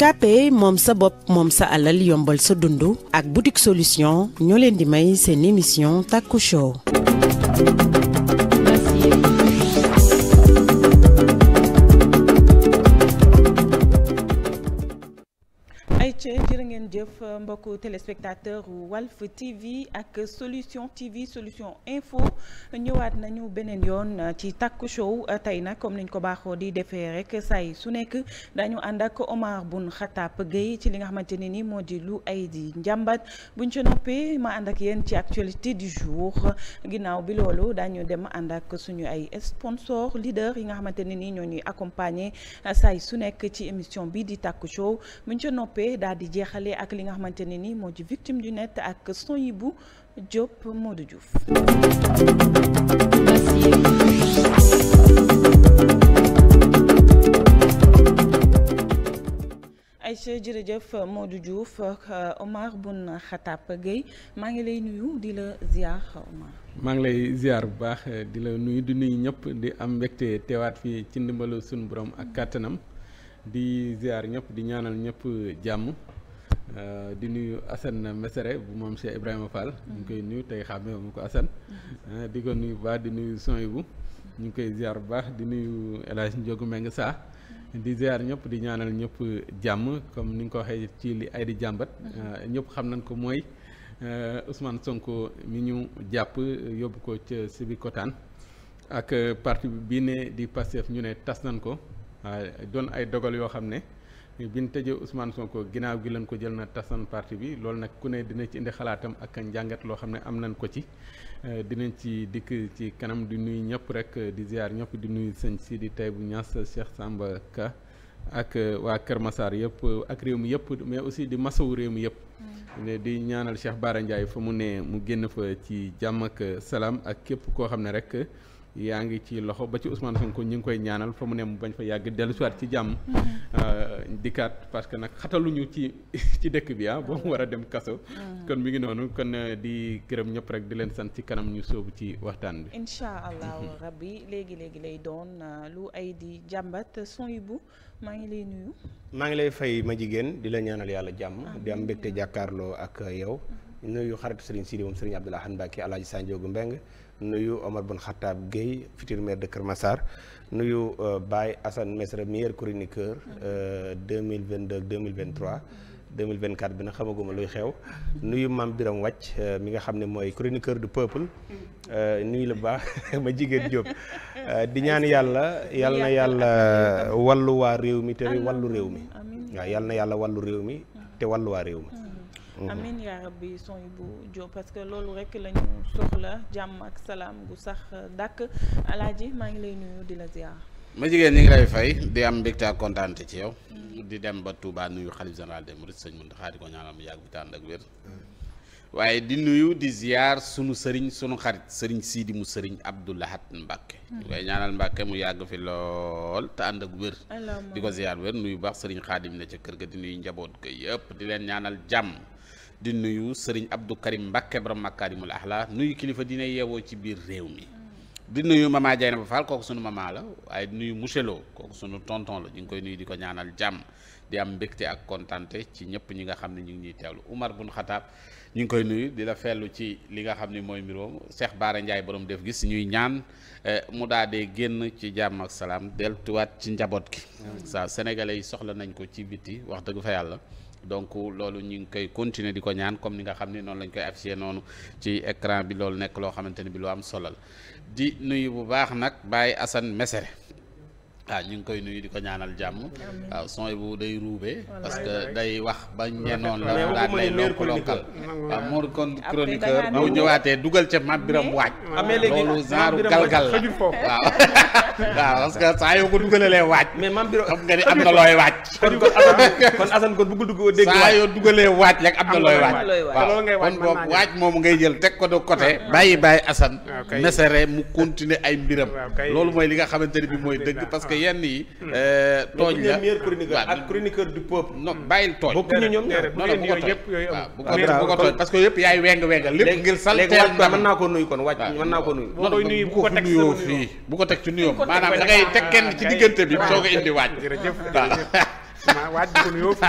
KP moom sa bopp moom sa alal yombal sa dund ak boutique solution ñoo leen di may seen émission Taku Show jëf mbokku téléspectateur Walf TV ak solution TV solution info ñëwaat nañu beneen yoon ci takku show tey nag comme niñ ko baaxoo di defee rek say su nekk dañu ànd ak Omar Bun Xataab Gueye ci li nga xamante ne nii moo di lu ay di njàmbat buñ ci noppee ma ànd ak yéen ci actualité du jour ginnaaw bi loolu dañu dem ànd ak suñu ay sponsor leader yi nga xamante ne ni ñoo ñuy accompagner say su nekk ci émission bi di takk show buñ ci noppee daal ak li nga xamante ne ni moo ci victime du net ak son yi bu Diop Modou Diouf. jërëjëf Modou Diouf euh, Omar Boun Khatab Gueye maa ngi lay nuyu di la ziar maa ngi lay ziar bu baax di la nuyu di nuyu ñëpp di am mbégte teewaat fii ci ndimbalu suñu boroom ak kàttanam di ziar ñëpp di ñaanal ñëpp jàmm. Euh, di nuyu Assane Mesere bu moom Cheikh Ibrahima Fall. Mm-hmm. ñu ngi koy nuyu tey xàmmee mu ko Assane. Mm-hmm. Euh, di ko nuyu baax di nuyu son bu ñu ngi koy ziar bu baax di nuy El Hadj Ndiogou Meng saa mm-hmm. di ziar ñëpp di ñaanal ñëpp jàmm comme ni nga ko waxee ci li ay di jàmbat. Euh, ñëpp xam nañ ko mooy Ousmane Sonko mi ñu jàpp yóbbu ko ca Sébikotane ak parti bi ne di Pastef ñu ne tas nañ ko doon ay dogal yoo xam ne. bi ñu tëjee Ousmane Sonko ginnaaw gi lañ ko jël na tasan parti bi loolu nag ku ne dina ci indi xalaatam ak njàngat loo xam ne am nañ ko ci euh, dinañ ci dikk ci kanam di nuy ñëpp rek di ziar ñëpp di nuy di tey bu Niass Cheikh sàmba Ka ak euh, waa Kër Massar yëpp euh, ak réew mi yëpp mais aussi di masawu réew mi yëpp. Mm. di ñaanal Cheikh Bara Ndiaye fa mu ne mu génn fa ci jàmm ak salaam ak képp koo xam ne rek. yaa ngi ci loxo ba ci Ousmane Sonko ñu ngi koy ñaanal fa mu ne mu bañ fa yàgg dellusiwaat ci jàmm. Mm-hmm. Euh, dikkaat parce que nag xataluñu ci ci dëkk bi ah ba mu war a dem kaso. Mm-hmm. kon mi ngi noonu kon euh, di gërëm ñëpp rek di leen sant ci kanam ñu sóobu ci waxtaan bi. incha allahu yi mm-hmm. léegi léegi lay doon euh, lu ay di jàmbat son yu bu maa ngi lay nuyu. maa ngi lay fay ma jigéen di la ñaanal yàlla jàmm. di am mbégte jàkkaarloo ak yow. nuyu xarit Serigne Sidi moom Serigne Abdoulaye Mbacke Alaaji Sanjoogu Mbeng nuyu Omar Bon Khattab Gueye futur maire de Kër Massar nuyu euh, Baye Assane Mesra meilleur chroniqueur 2022 2023 2024 bi na xamaguma luy xew nuyu Mame Biram Wacc euh, mi nga xam ne mooy chroniqueur du peuple euh, nuyu la baax ma jigéen Diop di ñaan yàlla yàlla na yàlla wallu waa réew mi te wallu réew mi waaw yàlla na yàlla wallu réew mi te wallu waa réew mi Mhm. amin yaa bi son bu jo parce que loolu rekk la ñu soxla jàmm ak salaam bu sax dàkk yi maa ngi lay nuyu di la ma jigéen ñi am mbégte kontaante ci yow. Mhm. di dem ba Touba nuyu xalif général des mourides mu yàgg bi ak wér. Mhm. waaye di nuyu di sunu sëriñ sunu xarit sëriñ Sidi mu sëriñ Abdou Lahat Mbacke. di koy ñaanal Mbacke mu yàgg fi lool te ànd ak wér. di ko ziar wér nuyu baax sëriñ Xaadim ne ca kër ga di nuyu njaboot ga yëpp di leen ñaanal jàmm. di nuyu sëriñ Abdou Karim Mbacke borom Makaarimul Axlaa nuyu kilifa dina yeewoo ci biir réew mi di nuyu maman Dieynaba Fall kooku suñu mamaa la waaye di nuyu monsieur Lo kooku sunu tonton la ñu ngi koy nuyu di ko ñaanal jàmm di am mbégte ak kontante ci ñëpp ñi nga xam ne ñu ngi ñuy teewlu Umar bun Xataab ñu ngi koy nuyu dina la fellu ci li nga xam ne mooy mbiroom Cheikh Baara Ndiaye borom def gis ñuy ñaan eh, mu dee génn ci jàmm ak salaam deltuwaat ci njaboot gi. sa sénégalais yi soxla nañ ko ci biti wax dëgg fa yàlla. donc loolu ñu ngi koy continuer di ko ñaan comme ni nga xam ne noonu lañ koy affiché noonu ci écran bi loolu nekk loo xamante ni bi lu am solal di nuyu bu baax nag Baye Assane Mesere ah ñu ngi koy nuyu di ko ñaanal jàmm waaw son bu day ruube parce que day wax ba ñenoon la daan lay lonk lonkal waaw dugal ca mab biram waaj loolu genre galgal la waaw waaw parce que saa yoo ko dugalee waaj xam nga ni am na looy waaj kon Assane kon waaw kon boobu waaj moomu ngay jël teg ko de côté ah, bàyyi bàyyi Assane ah, mesere mu continuer ay mbiram ah, loolu mooy li nga xamante bi mooy dëgg parce yenn yi. Hmm. Euh, tooñ la meilleur chroniqueur ak chroniqueur du peuple. non bàyyil tooñ. bokkuñu ñoom bu ko tooñ parce que yëpp yaay weng wengal lépp ngir sal teel na mën naa ko nuyu kon wàcc mën naa ko nuyu. bu ko teg nuyoo fii bu ko teg ci nuyoo maanaam da teg kenn ci diggante bi soo ko indi wàcc. jërëjëf waaj bu nuyoo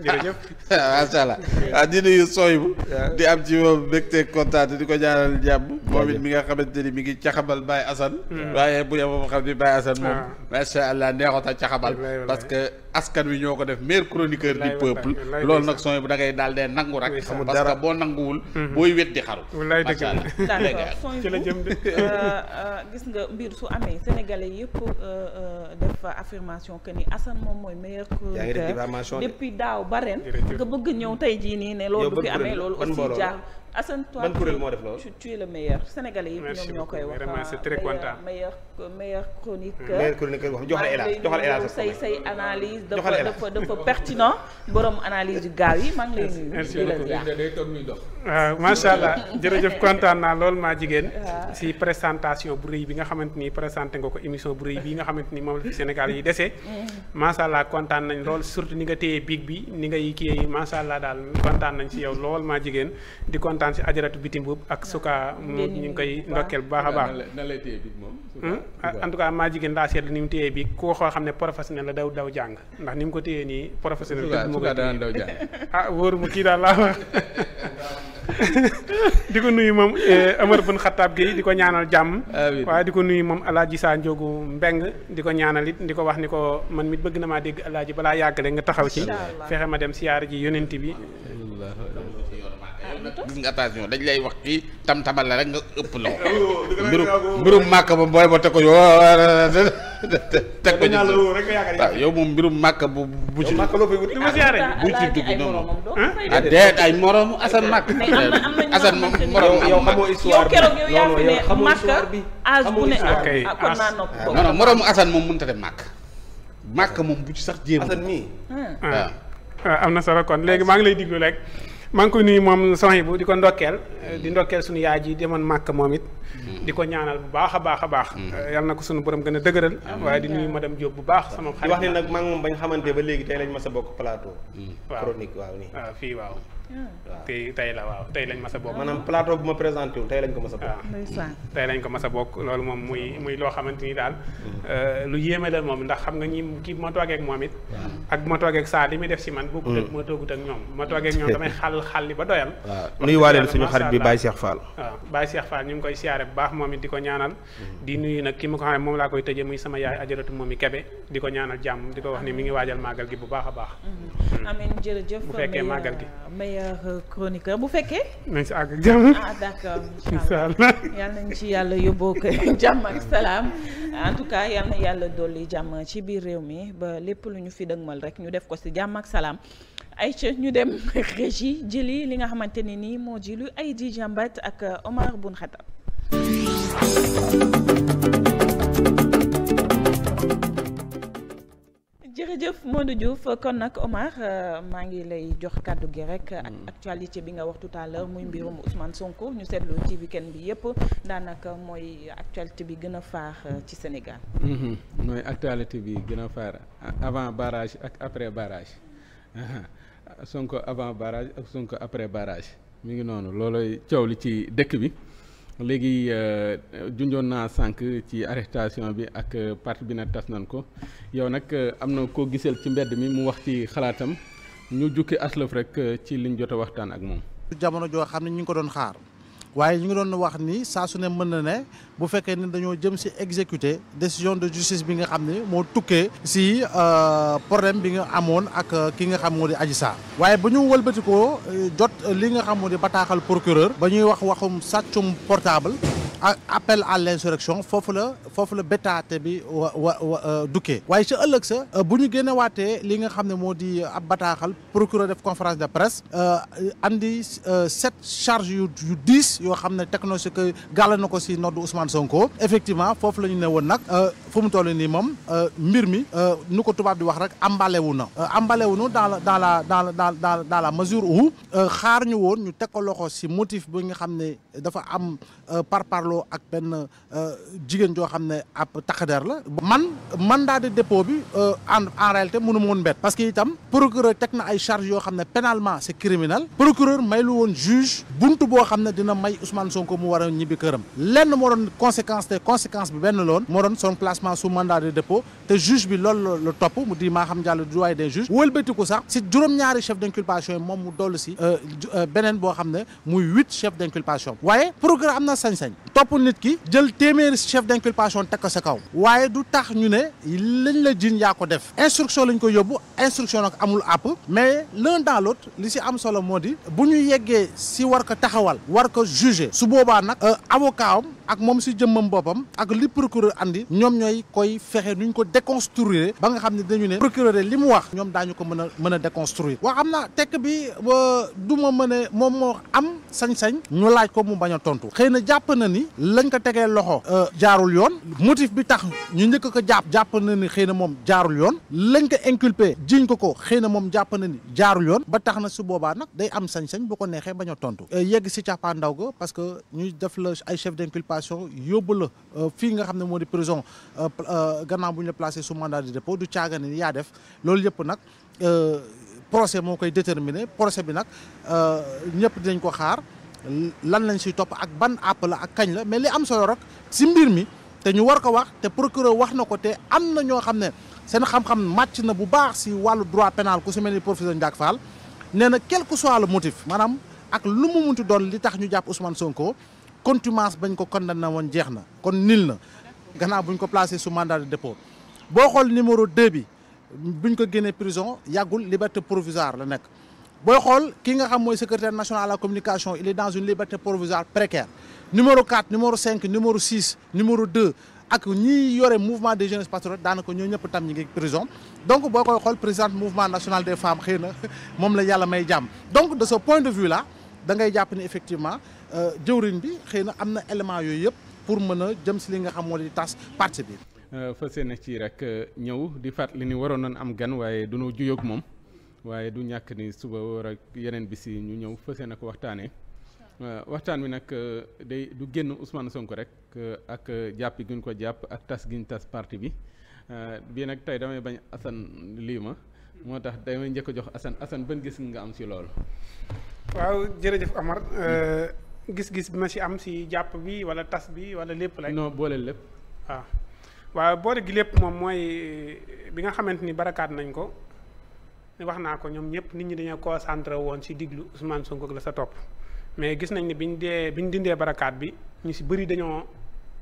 jërëjëf ah, macha allah ah di nuyu Soybu di am ci moom mbégte kontaan di ko ñaanal jàmm moom it mi nga xamante ni mi ngi caxabal Baye Assane mm. waaye bu yeboo xam ni Baye Assane moom ah. macha allah neexoot a caxabal parce que askan wi ñoo ko def meilleur chroniqueur du peuple loolu nag Soybu da ngay daal dee nangu rek parce que boo nanguwul mm-hmm. booy wet di xaru macha allah d'accord ci de euh, euh, gis nga mbir su amee sénégalais yëpp euh, def affirmation que ni Assane moom mooy meilleur chroniqueur depuis daaw ba ren nga bëgg ñëw tey jii nii ne loolu du amee loolu aussi jaar Assane toi ban kuréel moo def loolu tu es le meilleur sénégalais yëpp ñoom ñoo koy wax vraiment c'est ah, très content say say analyse dafa dafa dafa pertinent borom analyse yu gaaw yi maa ngi lay nuyu merci day toog macha allah jërëjëf kontaan naa lool maa jigéen si présentation bu rëy bi nga xamante ni présente nga ko émission bu rëy bi nga xamante ni moom la fi Sénégal yi desee mm. macha allah kontaan nañ lool surtout ni nga téye biig bi ni ngay kiyee macha allah daal kontaan nañ si yow lool maa jigéen di kontaan kontaan si ajaratu bitim boobu ak suka ñu ngi koy ndokkeel bu baax a baax hmm? ah, en tout cas maa jigéen daa seetlu ni mu téyee bi koo xoo xam ne la daw daw jàng ndax ni mu ko téyee nii professionnel dëgg moo koy ah wóoru mu kii daal laa ko nuyu moom Amar eh, bun Xattaab gi di ko ñaanal jàmm waaye di ko nuyu moom alaaji saa njóogu mbeng di ko ñaanal it di ko wax ni ko man mi bëgg na maa dégg alaaji balaa yàggale nga taxaw ci fexe ma dem siyaar ji yonent bi gis nga attention dañ lay wax kii tam tabal la rek nga ëpp loxo. Oh, mbirum mbirum màkk ba booy ba te ko yoo teg ko ah, ah, ah, ñu. waaw yow moom mbirum màkk bu bu ci. bu ci dugg noonu. ah déet ay moromu Assane màkk. Assane moom moromu yow xamoo histoire bi yow xamoo histoire bi xamoo histoire moom mënut a màkk. màkk moom bu ci sax jéem. Assane am na kon léegi maa ngi lay diglu rek. maa ngi koy nuyu moom soxna bu di ko ndokkeel di ndokkeel suñu yaay ji demoon màkk moom it mm. di ko ñaanal bu baax a baax a baax mm. euh, yal na ko suñu borom gën a dëgëral waaye di nuyu dem Diop bu baax sama xarit wax ne nag maa ngi bañ xamante ba léegi tey lañ ma sa bokk plateau mm. chronique waaw nii waaw ah, fii waaw Mm. tey tey la waaw tey lañ mas a ma présenté wul tey lañ ko mas a bokk. Ah. ko mas a bokk loolu moom muy muy loo xamante ni daal. Mm-hmm. Euh, lu yéeme la moom ndax xam nga ñi kii ma toogee ak moom it. ak ma toogee ak saa li muy def si man. bokkul ak mm. ma toogut ak ñoom. bu ma toogee ak ñoom damay xal li ba doyal. waaw nuyuwaale suñu xarit bi Baye Cheikh Fall. waaw Baye Cheikh Fall ñu ngi koy siyaare bu baax moom it di ko ñaanal. Mm-hmm. di nuyu nag ki ma ko xam ne moom laa koy tëjee muy sama yaay ajaratu moom i kebe di ko ñaanal jàmm di ko wax ni mi ngi waajal màggal gi bu baax a baax. Mm-hmm. bu fekkee màggal gi euh, meilleur chroniqueur ah, bu fekkee. nañ si àgg ak jàmm. ah d' accord incha allah yal nañ ci yàlla yóbboo ko jàmm ak salaam en tout cas yal na yàlla dolli jàmm ci biir réew mi ba lépp lu ñu fi dëgmal rek ñu def ko si jàmm ak salaam. ay ayca ñu dem régie jëli li nga xamante ne nii moo ji lu ay di jàmbat ak Omar Bun Xatab. jërëjëf Modou Diouf kon nag Omar euh, maa ngi lay jox kàddu gi rek. ak mm. actualité bi nga wax tout à l'heure muy mbirum Ousmane Sonko ñu seetlu ci weekend bi yëpp daanaka mooy actualité bi gën a faax euh, ci Sénégal. Mm-hmm. mooy actualité bi gën a faax avant barage ak après barrage Sonko avant barage ak Sonko après barrage mi ngi noonu looloy coow li ci dëkk bi. léegi euh, junjoon naa sànq ci arrestation bi ak euh, parti bi na tas nan ko yow nag euh, am na koo gisal ci mbedd mi mu wax ci xalaatam ñu jukki aslëf rek ci liñ jot a waxtaan ak moom. jamono joo xam ne ñu ngi ko doon xaar. waaye ñu ngi doon wax ni saa su ne mën na ne bu fekkee ni dañoo jëm si exécuter décision de justice bi nga xam ne moo tukkee si euh, problème bi nga amoon ak euh, ki nga xam moo di aji saa waaye ba ñu walbatikoo euh, jot li nga xam moo di bataaxal procureur ba ñuy wax waxum sàccum portable appel à l'insurrection foofu la foofu la bétaate bi wa wa euh, dukkee waaye sa ëllëg sa euh, bu ñu waatee li nga xam ne moo di euh, ab bataaxal procureur def conférence de presse andi sept charge yu yu dix yoo xam ne technologie que gàll na ko si nodd Ousmane Sonko effectivement foofu la ñu ne woon nag fu mu toll nii moom mbir mi nu ko tubaab di wax rek ambale wu na ambale wu na dans la dans la dans la dans dans la mesure où xaar ñu woon ñu teg ko loxo si motif bi nga xam ne dafa am par par jàmmaarloo ak benn euh, jigéen joo xam ne ab taxadar la. man mandat de dépôt bi euh, en en réalité mënu ma woon parce que itam procureur teg na ay charges yoo xam ne pénalement c'est criminel procureur may lu woon juge buntu boo xam ne dina may Ousmane ko mu war ñibbi këram lenn moo doon conséquence te conséquence bi benn loon moo doon son placement sous mandat de dépôt. te juge bi loolu la topp mu di Maham Diallo doyen des juges wëlbatiku sax si juróom-ñaari chef d' moom mu dollu si euh, euh, beneen boo xam ne muy huit chef d' waaye programme am na sañ-sañ topp nit ki jël téeméeri chef d' inculpation ko sa kaw waaye du tax ñu ne lañ la jiin yaa ko def instruction lañ ko yóbbu instruction nag amul àpp mais l'un dans l'autre li si am solo moo di bu ñu yeggee si war ko taxawal war ko juger su boobaa nag euh, avocat ak moom si jëmmam boppam ak li procureur indi ñoom ñooy koy fexe nu nuñ ko déconstruire ba nga xam ne dañu ne procureur li mu wax ñoom daañu ko mën a mën a déconstruire waa xam naa tekk bi du ma mën a moom moo am sañ-sañ ñu laaj ko mu bañ a tontu xëy na jàpp na ni lañ ko tegee loxo euh, jaarul yoon motif bi tax ñu njëkk ko jàpp jàpp na ni xëy na moom jaarul yoon lañ ko inculpé jiñ ko ko xëy na moom jàpp na ni jaarul yoon ba tax na su boobaa nag day am sañ-sañ boo ko neexee bañ a tontu euh, yegg si càppaandaw ga parce que ñu def la ay chef d'inculpation arrestation yóbbu la euh, fii nga xam ne moo di prison euh, euh, gannaaw bu ñu la placé sous mandat di dépôt du caagane ni yaa def loolu yëpp nag procès moo koy déterminer procès bi nag ñëpp dinañ ko xaar lan lañ si topp ak ban àpp la ak kañ la mais li am solo rek si mbir mi te ñu war ko wax te procureur wax na ko te am na ñoo xam ne seen xam-xam màcc na bu baax si wàllu droit pénal ku si mel ni professeur Ndiak Fall nee na soit le motif maanaam ak lu mu munti doon ñu jàpp Ousmane Sonko. contumace bañ ko condamné woon jeex na kon nil na gannaaw buñ ko placé sous mandat de dépôt boo xool numéro 2 bi buñ ko génnee prison yàggul liberté provisoire la nekk booy xool ki nga xam mooy secrétaire national à la communication il est dans une liberté provisoire précaire numéro 4 numéro 5 numéro 6 numéro 2 ak ñi yore mouvement des jeunes patriotes daanaka ñoo ñëpp tam ñi ngi prison donc boo koy xool présidente mouvement national des femmes xëy na moom la yàlla may jàmm donc de ce ngay jàpp ni Euh, jëwriñ bi xëy na am na élément yooyu yëpp pour mën a jëm si li nga xam moo di tas parti bi. Euh, fas yéene ci rek euh, ñëw di fàttali ni waroon nañ am gan waaye du noo juyoog moom waaye du ñàkk ni suba war ak yeneen bis yi ñu ñëw fas yéene ko waxtaanee waxtaan wi nag day du génn Ousmane sonk rek ak jàpp gi ñu ko jàpp ak tas gi ñu tas parti bi bii nag tey damay bañ Assane lii ma moo tax damay njëkk a jox Assane Assane ban gis nga am si loolu. waaw jërëjëf Amar. gis-gis bi ma si am si jàpp bi wala tas bi wala lépp lay non booleel lépp ah. waaw waaye boole gi lépp moom mooy eh, bi nga xamante ni barakaat nañ ko wax naa ko ñoom ñëpp nit ñi dañoo ko concentré woon si diglu Ousmane Sonko ak la sa topp mais gis nañ ne biñ dee bi biñ dindee barakaat bi ñu si bëri dañoo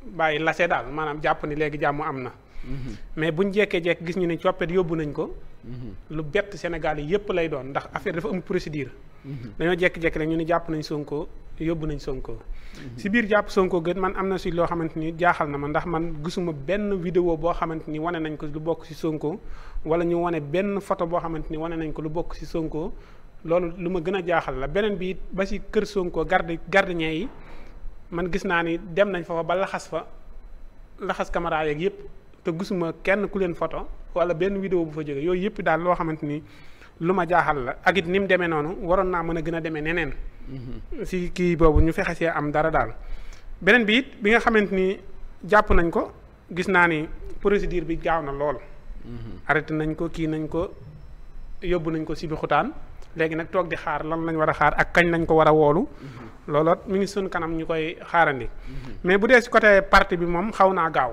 bàyyi lase daal maanaam jàpp ni léegi jàmm am na mhm. mais bu buñ jekkee-jekk gis ñu ne coppet yóbbu nañ ko mhm. lu bett Sénégal yi yëpp lay doon ndax affaire dafa am procédure mhm. dañoo jekki-jekki ñu ne jàpp nañ Sonko yóbbu nañ Sonko. ci mhm. biir jàpp Sonko gën man am na si loo xamante ni jaaxal na ma ndax man gisuma benn vidéo boo xamante ni wane nañ ko lu bokk ci Sonko wala ñu wane benn photo boo xamante ni wane nañ ko lu bokk si Sonko loolu lu ma gën a jaaxal la beneen bi ba ci kër Sonko garde gardien yi man gis naa ni dem nañ fa ba laxas fa laxas caméra yeeg yëpp te gisuma kenn ku leen photo wala benn vidéo bu fa jógee yooyu yëpp daal loo xamante ni. lu ma jaaxal la ak it ni mu demee noonu waroon naa mën a gën a demee neneen. si kii boobu ñu fexe see am dara daal. beneen bi it bi nga xamante ni jàpp nañ ko gis naa ni procédure bi gaaw na lool. arrêté nañ ko kii nañ ko yóbbu nañ ko si xutaan léegi nag toog di xaar lan lañ war a xaar ak kañ lañ ko war a woolu. looloot mu ngi suñ kanam ñu koy xaarandi. mais bu dee si côté parti bi moom xaw naa gaaw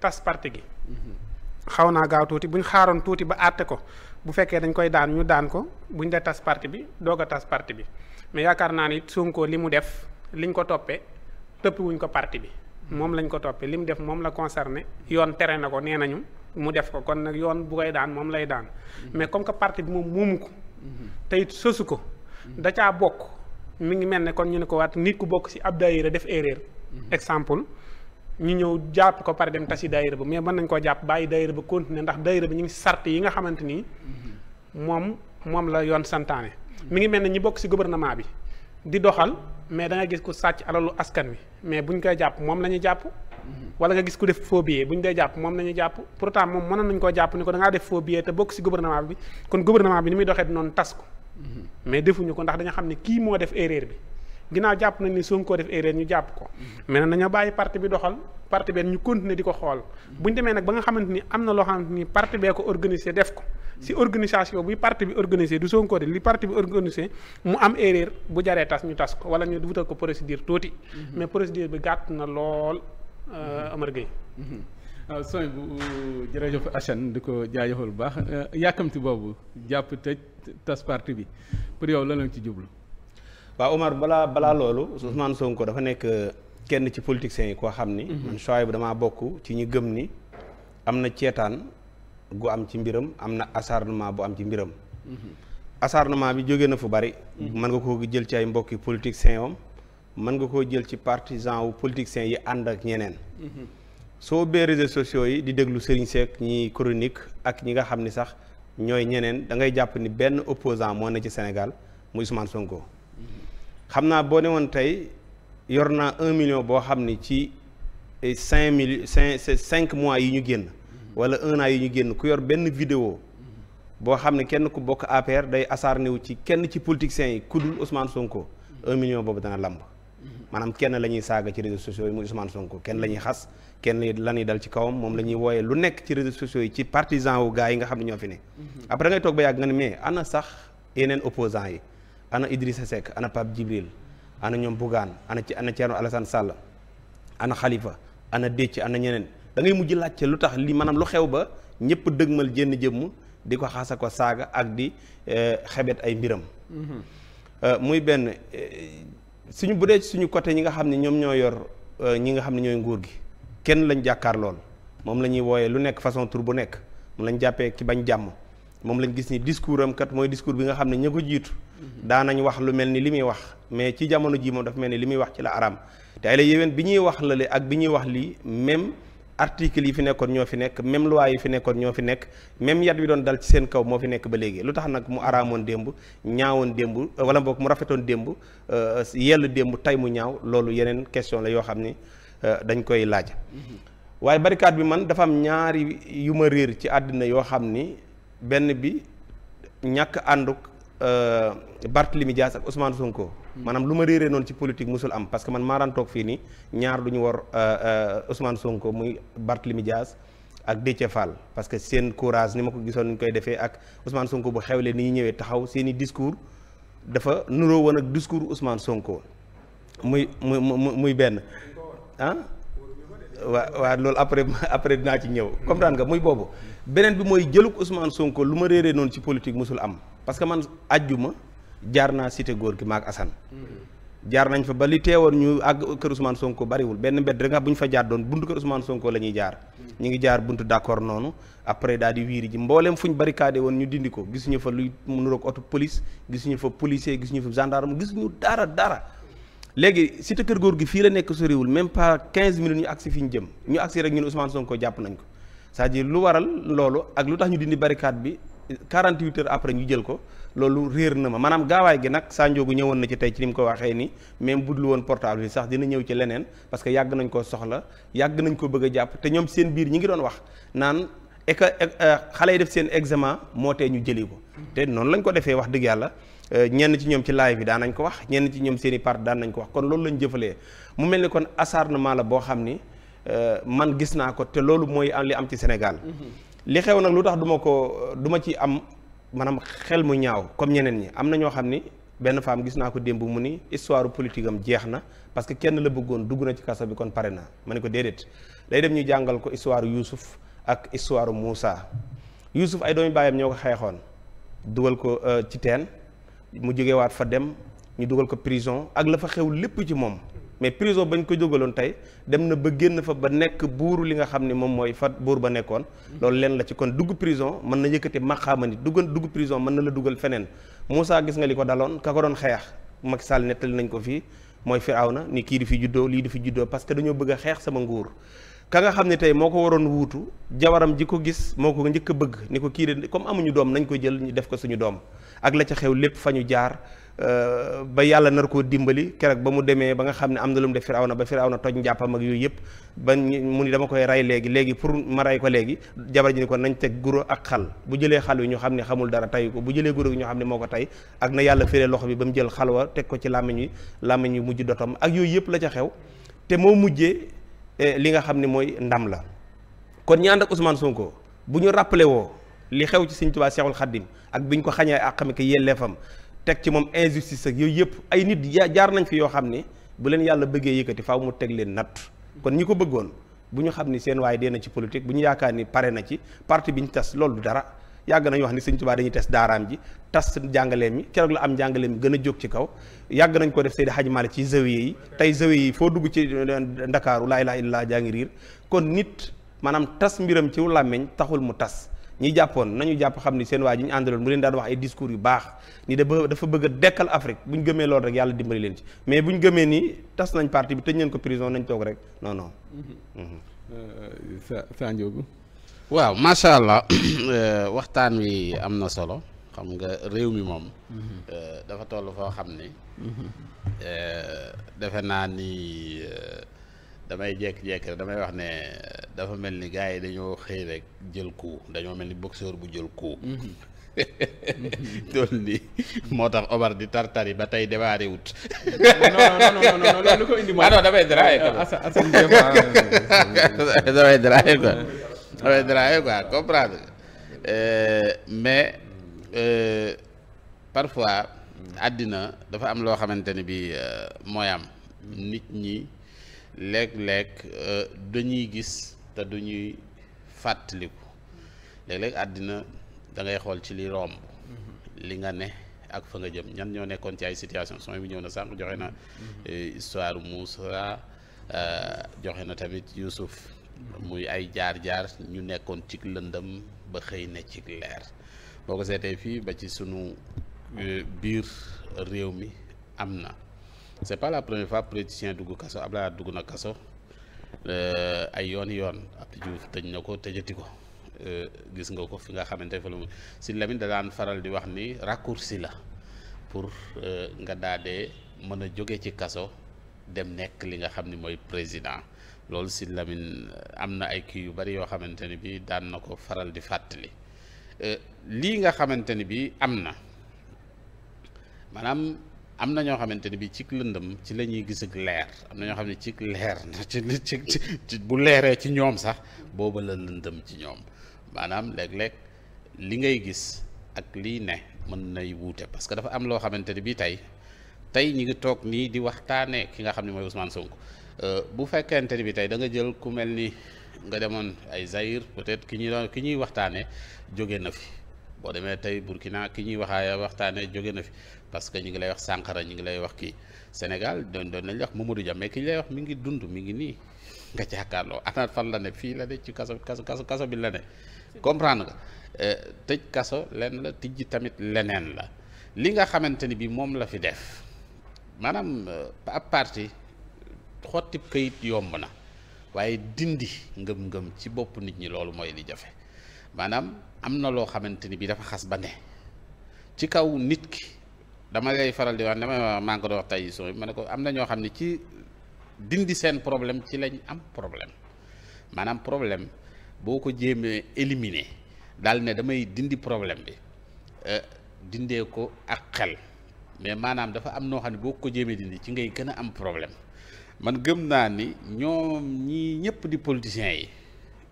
tas parti gi. xaw naa gaaw tuuti buñ xaaroon tuuti ba àtte ko bu fekkee dañ koy daan ñu daan ko buñ dee tas parti bi doog a tas parti bi mais yaakaar naa ni Sonko li mu def li ñu ko toppee tëpp wuñ ko parti bi moom lañ ko toppee li mu def moom la concerné yoon tere na ko nee nañu mu def ko kon nag yoon bu koy daan moom lay daan mais comme que parti bi moom moomu ko teyit sosu ko da caa bokk mu ngi mel ne kon ñu ne ko waat nit ku bokk ci ab daayira def erreur mhm. exemple ñu ñëw jàpp ko pare dem tasi daayira ba mais mën nañ koo jàpp bàyyi daayira ba continuer ndax daayira ba ñu ngi sart yi nga xamante ni moom moom la yoon santaane mi ngi mel ne ñu bokk ci gouvernement bi di doxal mais da gis ku sàcc alalu askan wi mais bu ñu koy jàpp moom la ñuy jàpp wala nga gis ku def faux billet bu ñu koy jàpp moom la ñuy jàpp pourtant moom mënoon nañu koo jàpp ni ko da def faux billet te bokk ci gouvernement bi kon gouvernement bi ni muy doxee noonu tas ko mhm. mais defuñu ko ndax dañu xam ne kii moo def erreur bi ginnaaw jàpp nañ ni Sonko def erreur ñu jàpp ko mais nag nañoo bàyyi parti bi doxal parti benn ñu continuer di ko xool bu ñu demee nag ba nga xamante ni am na loo xamante ni parti bee ko organiser def ko si organisation bi parti bi organisé du Sonko de li parti bi organisé mu am erreur bu jaree tas ñu tas ko wala ñu wutal ko procédure tuuti mm-hmm. mais procédure bi gàtt na lool Amar euh, Gueye mm-hmm. mm-hmm. ah, sooy bu euh, jërëjëf Assane di ko jaajëfal bu baax euh, yàkkamti boobu jàpp tëj tas bi pour yow la lañ ci jublu waaw Omar balaa balaa loolu Ousmane Sonko dafa nekk euh, kenn ci politiciens yi koo xam ni mhm. man choix bu damaa bokk ci ñu gëm ni am na ceetaan gu am ci mbiram am na acharnement bu am ci mbiram mhm. acharnement bi jóge na fu bari mhm. mën nga koo jël ci ay mbokki politiciens yom mën nga koo jël ci partisan wu politiciens yi ànd ak ñeneen soo bee réseaux sociaux yi di déglu Serigne Seck ñi chronique ak ñi nga xam ni sax ñooy ñeneen da ngay jàpp ni benn opposant moo ne ci Sénégal muy Ousmane Sonko. xam naa boo ne woon tey yor naa un million boo xam ni ci eh, cinq mille cinq cinq mois yi ñu génn wala un an yi ñu génn ku yor benn vidéo boo xam ne kenn ku bokk APR day asaar néew ci kenn ci politiciens yi ku dul Ousmane Sonko un million boobu dana lamb maanaam kenn la ñuy saaga ci réseaux sociaux yi muy Ousmane Sonko kenn la ñuy xas kenn la dal ci kawam moom la ñuy wooyee lu nekk ci réseaux sociaux yi ci partisan wu gars yi nga xam ne ñoo fi ne mm-hmm. après da ngay toog ba yàgg nga ne mais ana sax yeneen opposant yi ana Idrissa Seck ana Pape Djibril ana ñoom Bougane ana ci ana Thierno Alassane Sall ana Khalifa ana Déthié ana ñeneen da ngay mujj laajte lu tax li maanaam lu xew ba ñëpp dëgmal jenn jëmm di ko xaasa ko saaga ak di eh, xebet ay mbiram. Mhm. Euh, muy benn eh, suñu bu dee suñu côté ñi nga xam ne ñoom ñoo yor euh, ñi nga xam ne ñooy nguur gi kenn lañ jàkkaar lool moom la ñuy wooyee lu nekk façon tur bu nekk moom lañ jàppee ki bañ jàmm moom lañ gis ni discours am mooy discours bi nga xam ne ña ko jiitu. daanañ wax lu mel ni li muy wax mais ci jamono jii moom dafa mel ni li muy wax ci la araam te ay la yéwén bi ñuy wax lale ak bi ñuy wax lii même article yi fi nekkoon ñoo fi nekk même loi yi fi nekkoon ñoo fi nekk même yat wi doon dal ci seen kaw moo fi nekk ba léegi lu tax nag mu araamoon démb ñaawoon démb euh, wala boog mu rafetoon démb euh, yell démb tey mu ñaaw loolu yeneen question la yoo xam ni euh, dañ koy laaj waaye barikaat bi man dafa am ñaari yu ma réer ci àddina yoo xam ni benn bi ñàkk ànduk Euh, Barthélemy Dias ak Ousmane Sonko. maanaam lu ma réere noonu ci politique musul am parce que man maa daan toog fii nii ñaar du ñu war euh, euh, Ousmane Sonko muy Barthélemy Dias ak Déthié Fall parce que seen courage ni ma ko gisoon ni koy defee ak Ousmane Sonko bu xewlee ni ñu ñëwee taxaw seen i discours dafa nuroo woon ak discours Ousmane Sonko muy muy muy benn ah. waaw loolu après après dinaa ci ñëw. comprendre nga muy boobu. beneen bi mooy jëlug Ousmane Sonko lu ma réeree noonu ci politique musul am. parce que man àjjuma jaar naa cité góor gi maak Assane. jaar nañ fa ba li teewoon ñu àgg kër Ousmane Sonko bariwul benn mbedd rek bu ñu fa jaar doon buntu kër Ousmane Sonko lañuy jaar. ñu ngi jaar buntu d'accord noonu après daal di wiiri ji mbooleem fu ñu barricadé woon ñu dindi ko gisuñu fa luy nuroog oto police gisuñu fa policier gisuñu fa gendarme gisuñu dara dara. léegi cité kër góor gi fii la nekk soriwul même pas 15 minutes ñu agsi fi ñu jëm ñu a rek ñun Ousmane Sonko jàpp nañ ko cest à lu waral loolu ak lu tax ñu dindi barricade bi 48 heures après ñu jël ko loolu réer na ma manaam gaawaay gi nag Sadio gu ñëwoon na ci tey ci ni mu ko waxee ni même bu dul woon portable bi sax dina ñëw ci leneen parce que yàgg nañ koo soxla yàgg nañ ko bëgg a jàpp te ñoom seen biir ñi ngi doon wax naan et que euh, xale yi def seen examen moo tee ñu jëli ko te noonu lañ ko defee wax dëgg yàlla euh, ñenn ci ñoom ci live bi daan nañ ko wax ñenn ci ñoom seen i part daan nañ ko wax kon loolu lañ jëfalee mu mel ni kon acharnement la boo xam ni euh, man gis naa ko te loolu mooy li am ci Sénégal. Mm-hmm. li xew nag lu tax duma ko duma ci am maanaam xel mu ñaaw comme ñeneen ñi am na ñoo xam ni benn femme gis naa ko démb mu ni histoire politique am jeex na parce que kenn la bëggoon dugg na ci kaso bi kon pare na ma ne ko déedéet day dem ñu jàngal ko histoire Youssouf ak histoire Moussa Youssouf ay doomi baayam ñoo ko xeexoon dugal ko euh, ci teen mu jógewaat fa dem ñu dugal ko prison ak la fa xew lépp ci moom mais prison bañ ko jógaloon tey dem na ba génn fa ba nekk buuru li nga xam ne moom mooy fa buur ba nekkoon loolu leen la ci kon dugg prison mën na yëkkati maqaama ni dugg dugg prison mën na la dugal feneen Moussa gis nga li ko daloon ka ko doon xeex Macky Sall nettali nañ ko fii mooy na ni kii di fi juddoo lii di fi juddoo parce que dañoo bëgg xeex sama nguur ka nga xam ne tey moo ko waroon wuutu jawaram ji ko gis moo ko njëkk bëgg ni ko kii de comme amuñu doom nañ ko jël ñu def ko suñu doom ak la ca xew lépp fa ñu jaar ba yàlla nar koo dimbali keroog ba mu demee ba nga xam ne am na lu mu def na ba Firawna toj njàppam ak yooyu yëpp ba mu ni dama koy rey léegi léegi pour ma rey ko léegi jabar ji ni ko nañ teg guro ak xal bu jëlee xal wi ñu xam ne xamul dara tay ko bu jëlee guro gi ñu xam ne moo ko tey ak na yàlla firee loxo bi ba mu jël xalwa teg ko ci làmmiñ wi làmmiñ wi mujj dotam ak yooyu yëpp la ca xew te moo mujjee eh, li nga xam ni mooy ndam la kon ñi ànd ak Ousmane Sonko bu ñu rappelé woo li xew ci Sëñ Tuubaa ak bi ko xañee àqam ak yelleefam teg ci moom injustice ak yooyu yëpp ay nit ya jaar nañ fi yoo xam ne bu leen yàlla bëggee yëkkati faaw mu teg leen natt kon ñi ko bëggoon bu ñu xam ni seen waaye dee na ci politique bu ñu yaakaar ni pare na ci parti bi ñu tas lool du dara yàgg nañu wax ni sëñ Tuubaa dañuy tes daaraam ji tas jàngaleem yi keroog la am jàngaleem gën a jóg ci kaw yàgg nañ ko def Seydi Hadji Malick ci zawiya yi tey zawiya yi foo dugg ci euh, ndakaaru laa ilaaha illallaah jaa ngi riir kon nit maanaam tas mbiram ci làmmeñ taxul mu tas ñi jàppoon nañu jàpp xam ni seen waa ji ñu àndaloon mu leen daan wax ay discours yu baax ni dafa dafa bëgg a dekkal Afrique bu ñu gëmee loolu rek yàlla dimbali leen ci mais bu ñu gëmee ni tas nañ parti bi te nañ ko prison nañ toog rek non euh, Sa Ndiogou waaw macha allah euh, waxtaan wi am na solo xam nga réew mi moom. Euh, dafa toll foo xam ne. Mhm. defe naa ni. damay jékki-jékki rek damay wax ne dafa mel ni gars yi dañoo xëy rek jël coup dañoo mel ni boxeur bu jël ku tool ni moo tax Omar di tartari ba tey démarré wut. non non non non ko indi mooy. Ah ah, euh, mais euh, parfois mm. àddina dafa am loo xamante ni bi euh, mooy mm. nit ñi. léeg-léeg euh, dañuy gis te duñuy fàttaliku léeg-léeg àddina dangay xool ci li romb mm-hmm. li nga ne ak fa nga jëm ñan ñoo nekkoon ci ay situation son bi ñëw na sànq joxe na mm-hmm. euh, histoire Moussa euh, joxe na tamit Youssouf mm-hmm. muy ay jaar-jaar ñu nekkoon ci lëndëm ba xëy na ci leer boo ko seetee fii ba ci sunu biir réew mi am na c'est pas la première fois politicien dugg kaso Abdoulaye dugg na kaso euh, ay yoon yoon Abdou Diouf tëj na ko tëjati ko euh, gis nga ko fi nga xamante fa la mu si Lamine da daan faral di wax ni raccourci la pour euh, nga daadee mën a jóge ci kaso dem nekk li nga xam ni mooy président loolu si lamin am na ay kii yu bari yoo xamante ni bi daan na ko faral di fàttali lii nga xamante ni bi am na maanaam am na ñoo xamante ni bi ci lëndëm ci la ñuy gis ak leer am na ñoo xam ne ci leer na ci ci bu leeree ci ñoom sax booba la lëndëm ci ñoom maanaam léeg-léeg li ngay gis ak lii ne mën nay wuute parce que dafa am loo xamante ni bi tey tey ñu ngi toog nii di waxtaanee ki nga xam ne mooy Ousmane Sonko euh, bu fekkente ni bi tey da nga jël ku mel ni nga demoon ay Zaïre peut-être ki ñuy doon ki ñuy waxtaanee jóge na fi boo demee tey Burkina ki ñuy waxaaya waxtaanee jóge na fi parce que ñu ngi lay wax Sankara ñu ngi lay wax kii Sénégal doon doon nañ lay wax Mamadou Dia mais ki ñu lay wax mi ngi dund mu ngi nii nga jàkkaarloo anaat fan la ne fii la ne ci kaso kaso kaso bi la ne comprendre euh, tëj kaso lenn tamit leneen la li nga xamante ni bi moom la fi def maanaam euh, ab parti xotti këyit yomb na waaye dindi ngëm-ngëm ci bopp nit ñi loolu mooy li jafe maanaam am na loo xamante ni bi dafa xas ba ne ci kaw nit ki dama lay faral di wax damay maa ngi ko doon wax tey soo ma ne ko am na ñoo xam ne ci dindi seen problème ci lañ am problème maanaam problème boo ko jéemee éliminer daal ne damay dindi problème bi euh, dindee ko ak xel mais maanaam dafa am noo xam ne boo ko jéemee dindi ci ngay gën a am problème man gëm naa ni ñoom ñii ñëpp di politiciens yi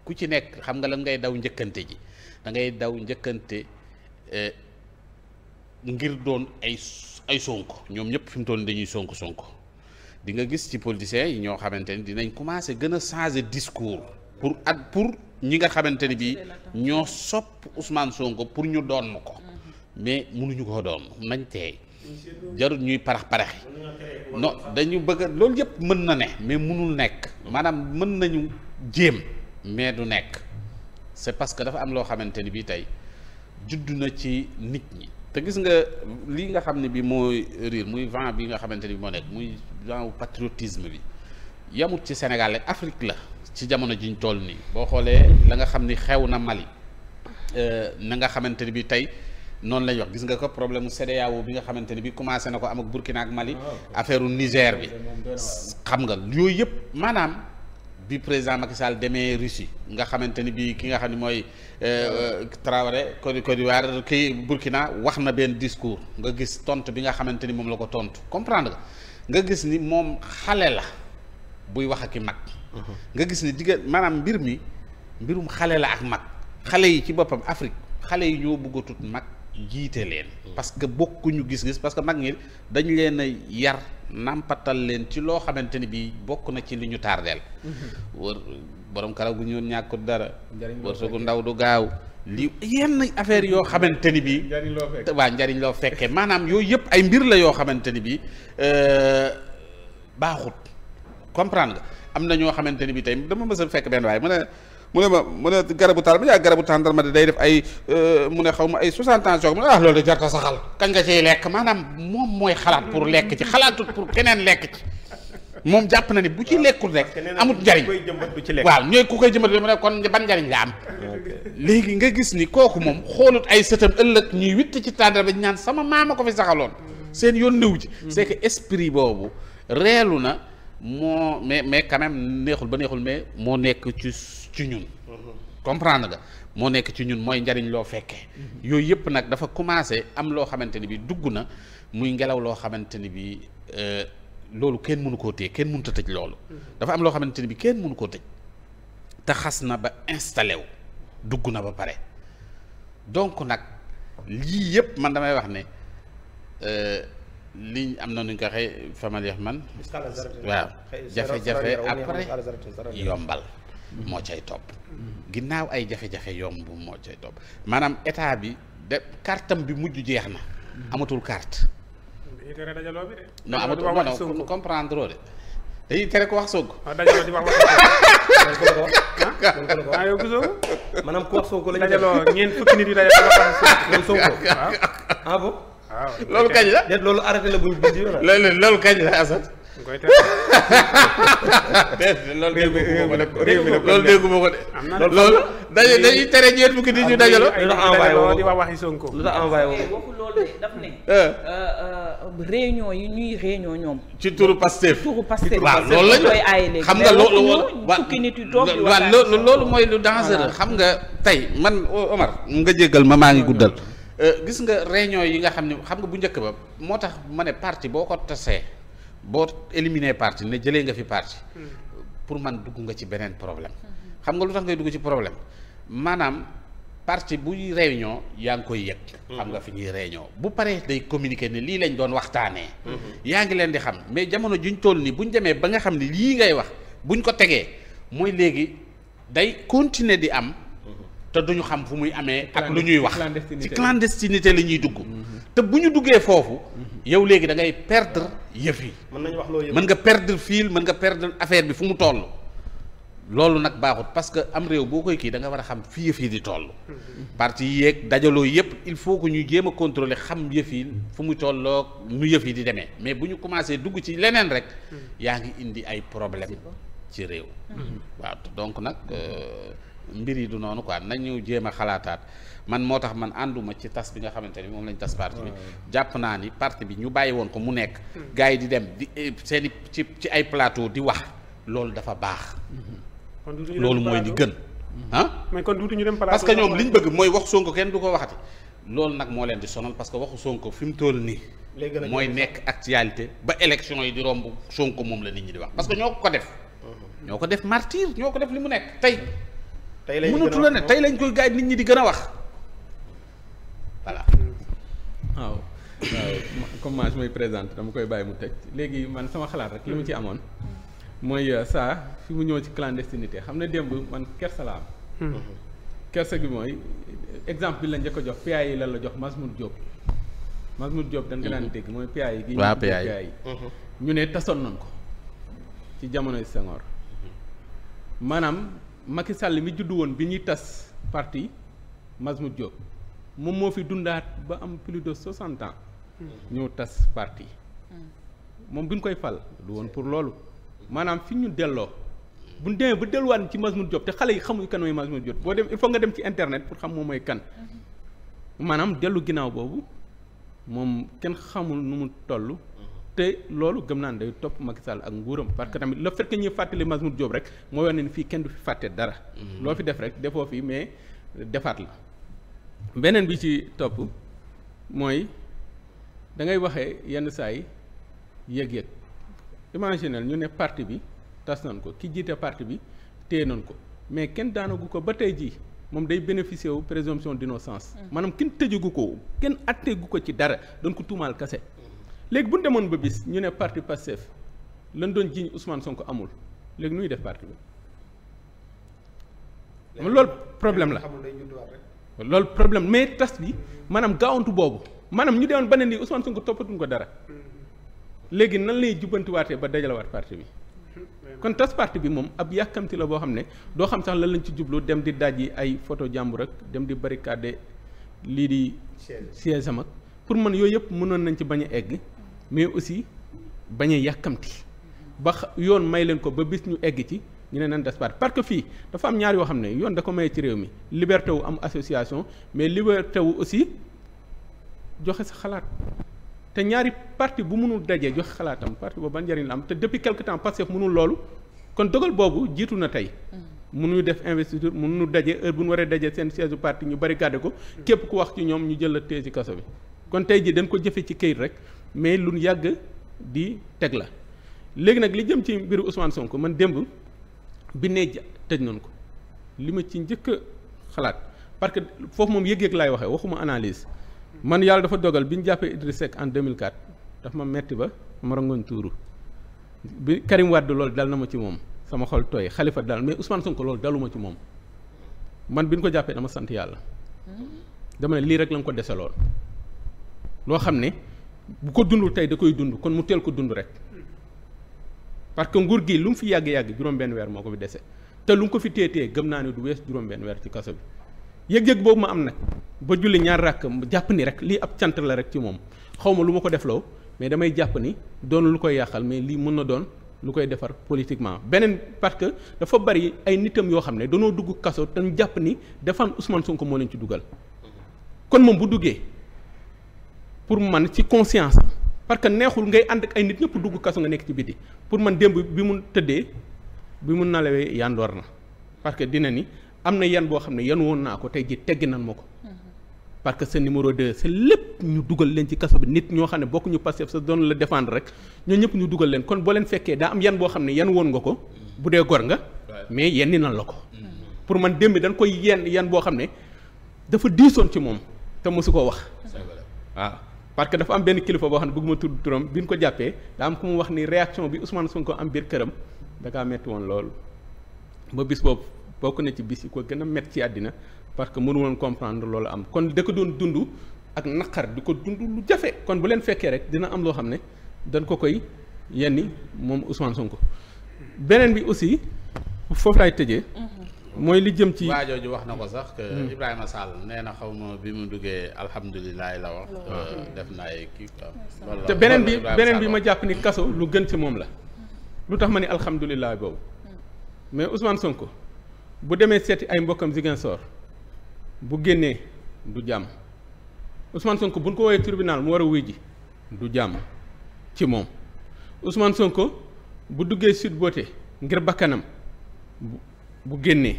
ku ci nekk xam nga lan ngay daw njëkkante ji da ngay daw njëkkante euh, ngir doon ay ay sonko ñoom ñëpp fi mu toll dañuy sonko sonko di nga gis ci politiciens yi ñoo xamante ni dinañ commencé gën a changer discours pour at pour ñi nga xamante ni bii ñoo sopp Ousmane Sonko pour ñu doon ko mais munuñu ko doon nañ teey jarut ñuy parax paraxi non dañu bëgg loolu yëpp mën na ne mais mënul nekk maanaam mën nañu jéem mais du nekk c'est parce que dafa am loo xamante ni bii tey judd na ci nit ñi. te gis nga lii nga xam ne bi mooy riir muy vent bi nga xamante ni moo nekk muy vent patriotisme bi yamut ci Sénégal rek Afrique la ci jamono jiñ toll nii boo xoolee la nga xam ni xew na Mali euh, na nga xamante ni bi tey noonu lañ wax gis nga ko problème mu CEDEAO bi nga xamante ni bi commencé na ko am ak Burkina ak Mali ah, affaire u Niger bi xam nga yooyu yëpp maanaam bi président Macky Sall demee Russie nga xamante ni bi ki nga xam ne mooy Euh, Traoré Côte Côte d'Ivoire kii Burkina wax na benn discours nga gis tontu bi nga xamante ni moom la ko tontu comprendre nga gis ni moom xale la buy wax ak i mag. Mhm. nga gis ni diggante maanaam mbir mi mbirum xale la ak mag xale yi ci boppam Afrique xale yi ñoo buggatut a tut mag jiite leen. Mhm. parce que bokkuñu gis-gis parce que mag ñi dañ leen a yar nàmpatal leen ci loo xamante ni bii bokk na ci li ñu tardeel. Mhm. borom karaw gu ñuul ñàkkut dara. wërsëgu ndaw du gaaw. li yenn affaire yoo xamante ni bii. njariñ loo fekkee njariñ loo fekkee maanaam yooyu yëpp ay mbir la yoo xamante ni bii euh, baaxut comprendre ga am na ñoo xamante ni bii tey dama mës a fekk benn waaye mu ne mu ne ma mu ne garabu taal ma ne garabu tàndarma day def ay euh, mu ne xaw ma ay 60 ans soog ma ah loolu da jarta saxal kañ nga ciy lekk maanaam moom mooy xalaat pour lekk ci xalaatut pour keneen lekk ci. moom jàpp na ni bu ci lekkul rek amut njariñ waaw ñooy ku koy jëmbat mu ne kon ban njariñ la am léegi nga gis ni kooku moom xoolut ay sëtam ëllëg ñuy witt ci tàndara ba ñaan sama maam ko fi saxaloon seen yoon néew ci hmm. c'est que esprit boobu reelu na moo mais mais quand neexul ba neexul mais moo nekk ci ci ñun uh-huh. comprendre nga moo nekk ci ñun mooy njariñ loo fekkee hmm. yooyu yëpp nag dafa commencé am loo xamante ni bi dugg na muy ngelaw loo xamante ni bi euh, loolu kenn mënu koo téye kenn mënut a tëj loolu. dafa am loo xamante ni bi kenn mënu koo tëj. te xas na ba installé wu dugg na ba pare donc nag lii yëpp man damay wax ne euh, liñ am na nuñ ko waxee famal yax man waaw jafe-jafe après yombal moo cay topp ginnaaw ay jafe-jafe yomb moo cay topp maanaam état bi de kartam bi mujj jeex na amatul carte dañuy tere dajaloo bi de. non amatul non non comprendre loo de. dañuy tere ko wax Sonko. waaw ah, dajaloo di wax wax Sonko. ah yow gisoo maanaam ku wax Sonko la ñu dajaloo ñeent fukki nit yi dajaloo wax Sonko ah, ah bon. Ah, loolu kañ la. loolu arrêté la bu ñu bind loolu kañ la Assane. loolu dégguma ko am na loolu dañuy dañuy tere ñeent fukki nit ñu dajaloo. lu tax envoyé wax waxi Sonko. lu tax envoyé woo waxu loolu de daf ne. Eh. Euh, euh, réunion ñoom. ci turu Pastef. turu Pastef waaw loolu lañu koy aaye léegi. xam nga loolu fukki nit yu toog waaw loolu mooy lu dangereux xam nga tey man Omar. nga jéggal ma maa ngi guddal. Euh, gis nga réunion yi nga xam ne xam nga bu njëkk ba moo tax ma ne parti boo ko tasee boo éliminer parti ne jëlee nga fi parti hmm. pour man dugg nga ci beneen problème hmm. xam nga lu tax ngay dugg ci problème maanaam parti buy réunion yaa ngi koy yëg hmm. xam nga fi ñuy réunion bu paree day communiquer ne lii lañ doon waxtaanee yaa ngi leen di xam mais jamono juñ toll nii buñ demee ba nga xam ni lii ngay wax buñ ko tegee mooy léegi day continuer di am te duñu xam fu muy amee ak lu ñuy wax ci clandestinité la ñuy dugg te bu ñu duggee foofu yow léegi dangay ngay perdre yëf yi. mën nañu wax loolu mën nga perdre fil mën nga perdre affaire bi fu mu toll. loolu nag baaxut parce que am réew boo koy kii da nga war a xam fi yëf yi di toll. Hmm. partie yeeg dajaloo yëpp il faut que ñu jéem a contrôler xam yëf yi fu mu tolloog nu yëf yi di demee mais bu ñu commencé dugg ci leneen rek. Hmm. yaa ngi indi ay problème ci réew. Hmm. waaw donc nag euh, mbir yi du noonu ko quoi nañu jéem a xalaataat. man moo tax man ànduma ci tas bi nga xamante ni moom lañ tas parti bi jàpp naa ni parti bi ñu bàyyi woon ko mu nekk gars yi di dem di eh, seeni ci ci ay plateau di wax loolu dafa baax mm-hmm. loolu mooy li gën ah mais kon duutu dem plateau parce que ñoom liñ bëgg mooy wax Sonko kenn du ko waxati loolu nag moo leen di sonal parce que waxu Sonko fi mu toll nii mooy nekk actualité ba élection yi di romb Sonko moom la nit ñi di wax parce que ñoo ko def mm-hmm. ñoo ko def martyr ñoo ko def li mu nekk tey mënatu la ne tey lañ koy gaay nit ñi di gën a wax voilà. waaw waaw comme man mooy présente dama koy bàyyi mu teg léegi man sama xalaat rek li mu ci amoon mooy euh, saa fi mu ñëw ci clandestinité xam ne démb man kersa la am. Hmm. kersa gi mooy exemple bi la njëkk a jox PA yi lan la jox Masmoud Diop. Masmoud Diop dañ ko daan hmm. dégg mooy PA yi. waaw PA yi ñu ne tasoon nañ ko ci jamonoy Senghor maanaam Macky Sall mi juddu woon bi ñuy tas parti Masmoud Diop. moom moo fi dundaat ba am plus de soixante ans hmm. ñëw tas parti hmm. moom bi ñu koy fal du woon pour loolu hmm. maanaam fi ñu delloo bu ñu demee ba delluwaat ci Majhemout Diop te xale yi xamuñu kan mooy Majhemout Diop boo dem il faut nga dem ci pour xam moom mooy kan maanaam dellu ginnaaw boobu moom kenn xamul nu mu toll te loolu gëm naa ne day topp Macky Sall ak nguuram parce que tamit le fait que ñuy fàttali Majhemout Diop rek moo wane ne fii kenn du fi fàtte dara loo fi def rek defoo fi mais defaat la beneen bi ci topp mooy da ngay waxee yenn saay yëg-yëg imaginel ñu ne parti bi tas nañ ko ki jiite parti bi téye nañ ko mais kenn daanagu ko ba tey ji moom day bénéficier wu présomption d'innocence mm. maanaam kenn tëjagu ko kenn atteegu ko ci dara doon ko tuumaal kase léegi bu ñu demoon ba bis ñu ne parti Pastef lan doon jiiñ Ousmane ko amul léegi nuy def parti bi. loolu problème la loolu problème mais tas bi maanaam gaawantu boobu maanaam ñu demoon ba ne nii Ousmane Sonko toppatuñ ko dara léegi nan lay jubbantiwaatee ba dajalawaat parti bi kon tas parti bi moom ab yàkkamti la boo xam ne doo xam sax lan lañ ci jublu dem di daj yi ay photo jàmbur ak dem di barricade lii di siège am ak pour man yooyu yëpp mënoon nañ ci bañ egg mais aussi bañ a yàkkamti ba yoon may leen ko ba bis ñu egg ci ñu ne nañ despart parce que fii dafa am ñaar yoo xam ne yoon da ko maye ci réew mi liberté wu am association mais liberté wu aussi joxe sa xalaat te ñaari parti bu mënul dajee joxe xalaatam parti boobu ban njëriñ la am te depuis quelque temps Pastef mënul loolu kon dogal boobu jiitu na tey mënuñu mm. def investiture mënuñu daje heure bu ñu waree dajee seen siège parti ñu barricade ko képp ku wax ci ñoom ñu jël la tee ci kaso bi kon tey jii dañ ko jëfe ci këyit rek mais lu yàgg di teg la léegi nag li jëm ci mbiru Ousmane Sonko man démb bi ne tëj nañ ko li ma ci njëkk xalaat parce que foofu moom yëg-yëg laay waxee waxuma analise man yàlla dafa dogal bi ñu jàppee Idriss Seck en 2004 daf ma metti ba ma rangoon tuuru bi Karim Wade lool dal na ma ci moom sama xol tooy Khalifa dal mais Ousmane Sonko loolu daluma ci moom man bi ñu ko jàppee dama sant yàlla dama ne lii rek la nga ko dese lool loo xam ne bu ko dundul tey da koy dund kon mu teel ko dund rek parce que nguur gi lu mu fi yàgg-yàgg juróom-benn weer moo ko fi dese te lu mu ko fi téetee gëm naa ne du wees juróom-benn weer ci kaso bi yëg-yëg boobu ma am nag ba julli ñaar ràkk jàpp ni rek lii ab cant la rek ci moom xaw ma lu ma ko def defloo mais damay jàpp ni doon lu koy yàqal mais lii mën na doon lu koy defar politiquement beneen parce que dafa bari ay nitam yoo xam ne danoo dugg kaso te ñu jàpp ni defaan sun ko moo leen ci dugal kon moom bu duggee pour man ci conscience parce que neexul ngay ànd ak ay nit ñëpp dugg kaso nga nekk ci biti pour man démb bi mu tëddee bi mu nalawee yandoor na parce que dina ni am na yan boo xam ne yan woon naa ko tey ji teggi nan ma ko parce que sa numéro 2 c'est lépp ñu dugal leen ci kaso bi nit ñoo xam ne bokk ñu Pastef sa doon la défendre rek ñoo ñëpp ñu dugal leen kon boo fekkee daa yan boo xam ne yan woon nga ko bu dee gor nga mais yenni na la ko pour man démb dañ koy yenn yan boo xam ne dafa diisoon ci moom te mosu ko wax waaw parce que dafa am benn kilifa boo xam ne bëgguma tudd turam bi ñu ko jàppee daa am ku mu wax ni réaction bi Ousmane Sonko am biir këram da kaa woon loolu ba bis boobu bokk na ci bis yi ko gën a mett ci àddina parce que mënu woon comprendre loolu am kon da ko doon dund ak naqar di ko dund lu jafe kon bu leen fekkee rek dina am loo xam ne dañ ko koy yenni moom Ousmane Sonko beneen bi aussi foofu laay tëjee. Mhm. mooy li jëm ci waa jooju wax na ko sax que Sall nee na xaw ma bi mu duggee alhamdulilah la wax. kii te beneen bi beneen bi ma jàpp ni kaso lu gën ci moom la. lu tax ma ni alhamdulilah boobu. mais Ousmane Sonko bu demee seeti ay mbokkam Ziguinchor bu génnee du jàmm Ousmane Sonko ko woowee tribunal mu war a du jàmm ci moom Ousmane Sonko bu duggee Sweet Beauté ngir bakkanam. bu génnee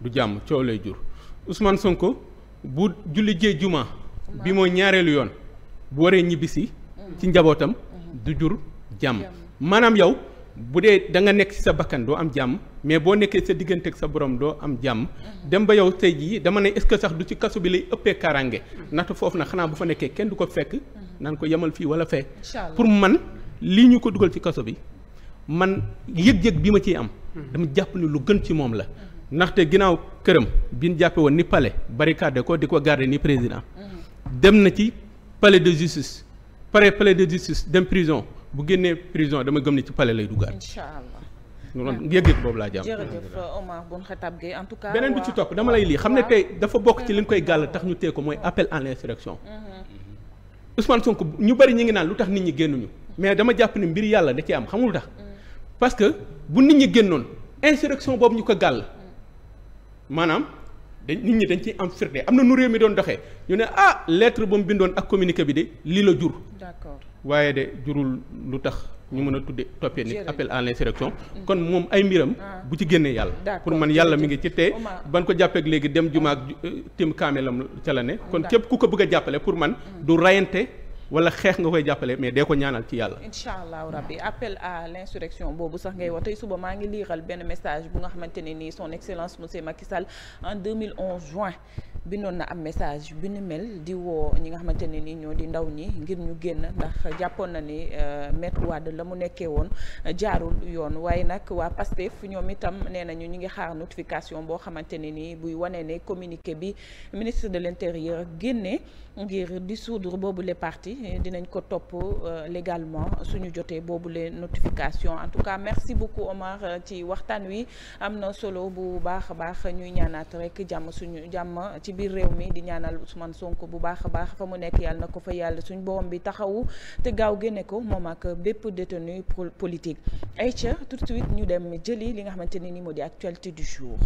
du jàmm coow lay jur Ousmane Sonko bu julli jee jumaa bi mooy ñaareelu yoon bu waree ñibbisi ci njabootam du jur jàmm maanaam yow bu dee da nga nekk ci sa bakkan doo am jàmm mais boo nekkee sa diggante ak sa borom doo am jàmm dem ba yow tey jii dama ne est-ce que sax du ci kaso bi lay ëppee kaaraange ndaxte foofu na xanaa bu fa nekkee kenn du ko fekk naan ko yemal fii wala fee pour man lii ñu ko dugal ci kaso bi man yëg-yëg bi ma ciy am. Mhm. dama jàpp ni lu gën ci moom la. ndaxte ginnaaw këram bi ñu jàppee woon ni palais barricade ko di ko garder ni président. Mhm. dem na ci pale de justice pare palais de justice dem prison bu génnee prison dama gëm ni ci pale lay duggaat. incha allah loolu yëg-yëg boobu laa en tout cas. beneen bi ci topp dama lay lii xam ne tey dafa bokk ci li ñu koy gàll tax ñu tee ko mooy appel à l'insurrection. Mhm. Ousmane Sonko ñu bari ñu ngi naan lu tax nit ñi génnuñu mais dama jàpp ni mbir yàlla da ci am xamul tax. parce que bu nit ñi génnoon insurrection boobu ñu ko gàll maanaam dañ nit ñi dañ ci am firnde am na nu réew mi doon doxee ñu ne ah lettre ba mu bindoon ak communiqué bi de lii la jur. d'accord waaye de jurul lu tax ñu mën a tudde toppee nit appel à l'insurrection kon moom ay mbiram. Ah. bu ci génnee yàlla. pour man yàlla mu ngi ci te ban ko jàppee jàppeek léegi dem jumaak euh, tim kaamelam ca la ne. kon képp ku ko bëgg a jàppale pour man mm. du rayante. wala xeex nga koy jàppale mais dee ko ñaanal ci yàlla. incha allahu rabbi appel à l' insurrection boobu sax ngay wax tey suba maa ngi liiral benn message bu nga xamante ne nii son excellence monsieur Macky Sall en 2011 juin bindoon na am message bi nu mel di woo ñi nga xamante ne nii ñoo di ndaw ñi ngir ñu génn ndax jàppoon na ni euh, maître Wade la mu nekkee woon euh, jaarul yoon waaye nag waa fu ñoom itam nee nañu ñu ngi xaar notification boo xamante ne nii buy wane ne communiqué bi ministre de l' intérieur génnee. ngir dissoudre boobu le parti eh, dinañ ko topp euh, légalement suñu jotee boobu le notification en tout cas merci beaucoup Omar euh, ci waxtaan wi am na solo bu baax a baax ñuy ñaanaat rek jàmm suñu jàmm ci biir réew mi di ñaanal Ousmane Sonko bu baax a baax fa mu nekk yàlla na ko fa yàlla suñu borom bi taxawu te gaaw génne ko moom ak bépp détenu politique ay ca tout de suite ñu dem jëli li nga xamante ni ni moo di actualité du jour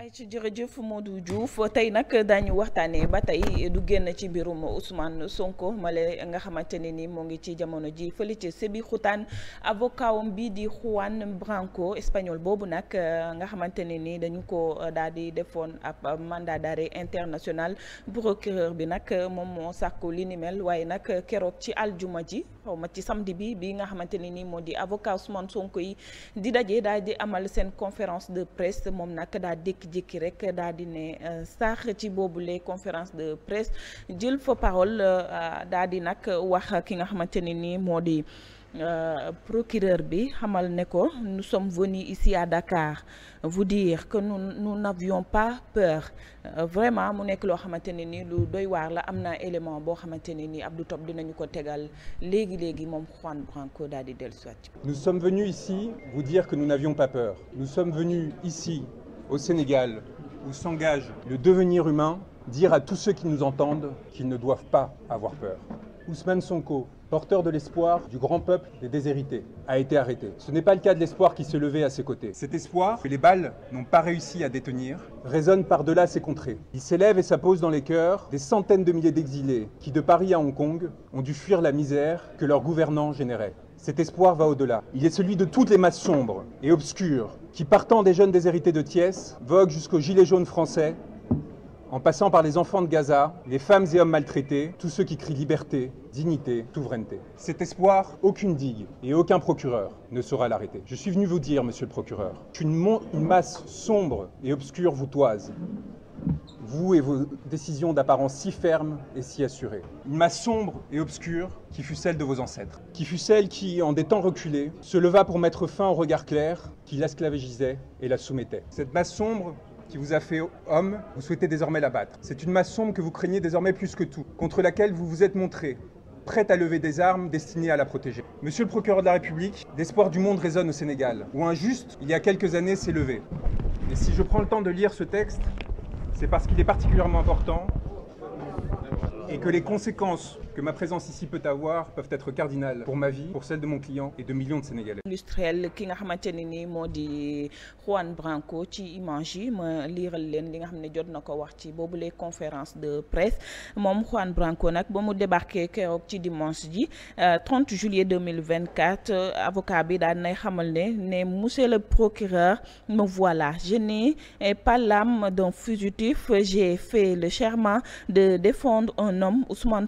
ay ci jërëjëf Modou Diouf tey nag daañu waxtaanee ba tey du génn ci mbirum Ousmane Sonko male nga xamante ne ni moo ngi ci jamono ji fële ci Sébikotane avocat am bii di Juan Branco espagnol boobu nag euh, nga xamante ne ni dañu ko euh, daal di defoon ab mandat d'arrêt international procureur bi nag euh, moom moo sàkku li nimel waaye nag keroog ci aljuma ji xaw ma ci samedi bi bi nga xamante ne ni moo di avocat Ousmane sonk yi di daje daal di amal seen conférence de presse moom nag daal jékki-jékki rek daal di ne euh, sax ci boobu boobule conférence de presse jël fa parole euh, daal di nag wax ki nga xamante ne nii moo di euh, procureur bi xamal ne ko nu some venus ici à Dakar vous dire que nous nous n'avions pas peur vraiment mu nekk loo xamante ne nii lu doy waar la am na élément boo xamante ne nii Abdou Top dinañu ko tegal léegi léegi moom Juan Branco daal di dellusiwaat. Nous sommes venus ici vous dire que nous n'avions pas peur nous sommes venus ici. au Sénégal où s'engage le devenir humain, dire à tous ceux qui nous entendent qu'ils ne doivent pas avoir peur. Ousmane Sonko, porteur de l'espoir du grand peuple des déshérités, a été arrêté. Ce n'est pas le cas de l'espoir qui s'est levé à ses côtés. Cet espoir, que les balles n'ont pas réussi à détenir, résonne par-delà ses contrées. Il s'élève et s'impose dans les cœurs des centaines de milliers d'exilés qui, de Paris à Hong Kong, ont dû fuir la misère que leurs qui, partant des jeunes déshérités de Thiès, vogue jusqu'aux gilets jaunes français, en passant par les enfants de Gaza, les femmes et hommes maltraités, tous ceux qui crient liberté, dignité, souveraineté. Cet espoir, aucune digue et aucun procureur ne saura l'arrêter. Je suis venu vous dire, monsieur le procureur, qu'une masse sombre et obscure vous toise, vous et vos décisions d'apparence si ferme et si assurée. Une masse sombre et obscure qui fut celle de vos ancêtres, qui fut celle qui, en des temps reculés, se leva pour mettre fin au regard clair qui l'esclavagisait et la soumettait. Cette masse sombre qui vous a fait homme, vous souhaitez désormais la battre. C'est une masse sombre que vous craignez désormais plus que tout, contre laquelle vous vous êtes montré, prête à lever des armes destinées a quelques années, s'est levé. Et c'est parce qu'il est particulièrement important et que les conséquences que ma présence ici peut avoir peuvent être cardinales pour ma vie, pour celle de mon client et de millions de Sénégalais. industriel ki nga xamante ne ni moo di Juan Branco ci image yi ma liiral leen li nga xam ne jot na ko wax ci boobule conférence de presse moom Juan Branco nag ba mu débarqué keroog ci dimanche ji 30 euh, juillet 2024 avocat bi daan nay xamal ne ne monsieur le procureur me voilà je n'ai eh, pas l'âme d'un fugitif j'ai fait le serment de défendre un homme Ousmane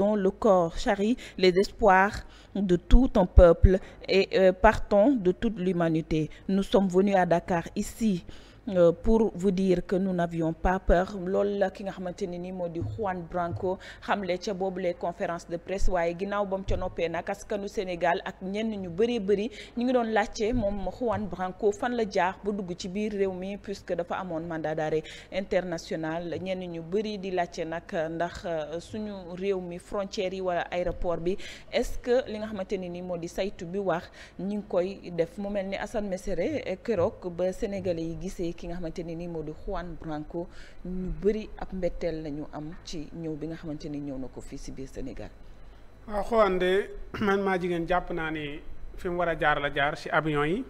dont le corps charrie les espoirs de tout un peuple et euh, partons de toute l'humanité. Nous sommes venus à Dakar ici Euh, pour veu dire que nous n'avions pas peur loolu la ki nga xamante ne nii moo di Juan Branco xamle ca boobule conférence de presse waaye ginnaaw ba ca noppee nag askanu Sénégal ak ñenn ñu bëree bëri ñu ngi doon laajte moom ma Juan Branco fan la jaar bu dugg ci biir réew mi puisque dafa amoon mandat d'arrêt international ñenn ñu bëri di laajte nag ndax euh, suñu réew mi frontières yi wala aéroport bi est-ce que li nga xamante ne nii moo di saytu bi wax ñi ngi koy def mu mel ni Assane Mesere euh, ba Sénégalais yi bi ki nga xamante ni nii moo di Juan Branco ñu bëri ab mbetteel la ñu am ci ñëw bi nga xamante ni ñëw na ko fii si biir Sénégal. waaw Juan de man maa jigéen jàpp naa ni fi mu war a jaar la jaar si avion yi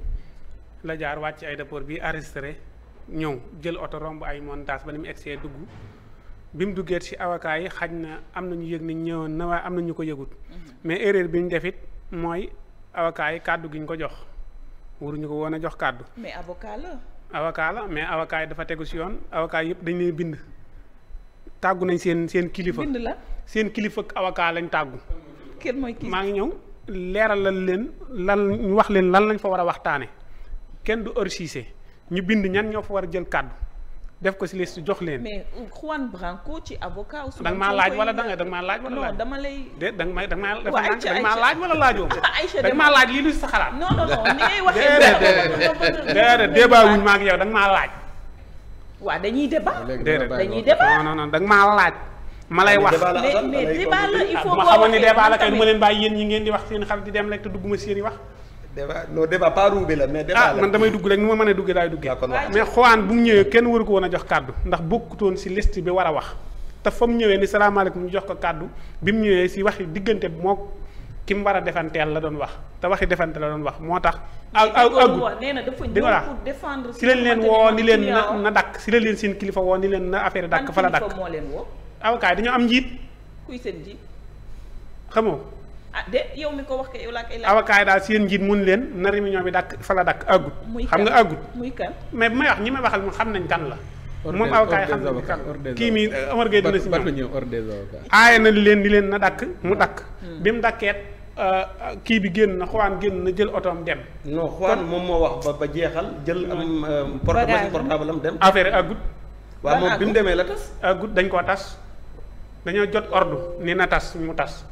la jaar wàcc ay aéroport bi arrêté ñëw jël oto romb ay montage ba ni mu see dugg bi mu duggee ci avocat yi xaj na am na ñu yëg ni ñëwoon na waaye am na ñu ko yëgut mhm. mais erreur bi ñu def mooy awokaay kàddu gi ñu ko jox waruñu ko woon jox kàddu. mais avocat avocat la mais avocat dafa tegu si yoon avocat yëpp dañ leen bind tàggu nañ seen seen kilifa seen kilifa ak avocat tàggu. kenn mooy kii maa ngi ñëw leeralal leen lan ñu wax leen lan lañ fa war a waxtaane kenn du heure ñu bind ñan ñoo fa war a jël kàddu. def ko ci liste jox leen. mais Juan Branco ci avocat. Ousmane Sonko da nga maa laaj wala da nga maa laaj. wala laaj non dama lay. de da nga may da nga maa da nga maa laaj wala laajoo. Aïcha da nga maa laaj lii lu ci sa xalaat. non non non ni ngay waxee. déedéet débat wuñ ma ak yow da nga maa laaj. waa dañuy débat. dañuy débat non non da nga maa laaj. ma lay wax mais mais débat la il faut. ma xamoon ni débat la kay du ma leen bàyyi yéen ñi ngeen di wax seen xarit di dem rek te dugguma seen i wax débat non débat pas la mais. débat ah, la man damay dugg rek nu ma mën a duggee daay duggee. mais xawaan bu mu ñëwee kenn waru ko woon a jox kàddu ndax bokkutoon si list bi war a wax te fa mu ñëwee ni salaamaaleykum ñu jox ko kàddu bi mu ñëwee si waxi diggante bi moo ki mu war a defanteel la doon wax te wax yi defante la doon wax moo tax. aw aw aggu si leen leen woo ni leen na na dakk si leen leen seen kilifa woo ni leen na affaire dakk fa la dakk. avocat dañoo am njiit. kuy seen njiit xamoo ah de yow mi ko wax kay yow laa daal seen njiit mun leen na réunion bi dakk fa la dàkk àggut. xam nga àggut muy mais bu may wax ñi may waxal moom xam nañ kan la. moom avocat yi xam nañ kii mii Omar Gueye dina si ñëw aaye na leen ni leen na dakk mu dakk hmm. bi mu dàkkeet euh, kii bi génn na xawaan génn na jël oto am dem. non xawaan moom moo wax ba ba jeexal jël am. Hmm. Euh, portable am dem. affaire àggut. bi mu demee la tas. àggut dañ koo tas dañoo jot ordre ni na tas mu tas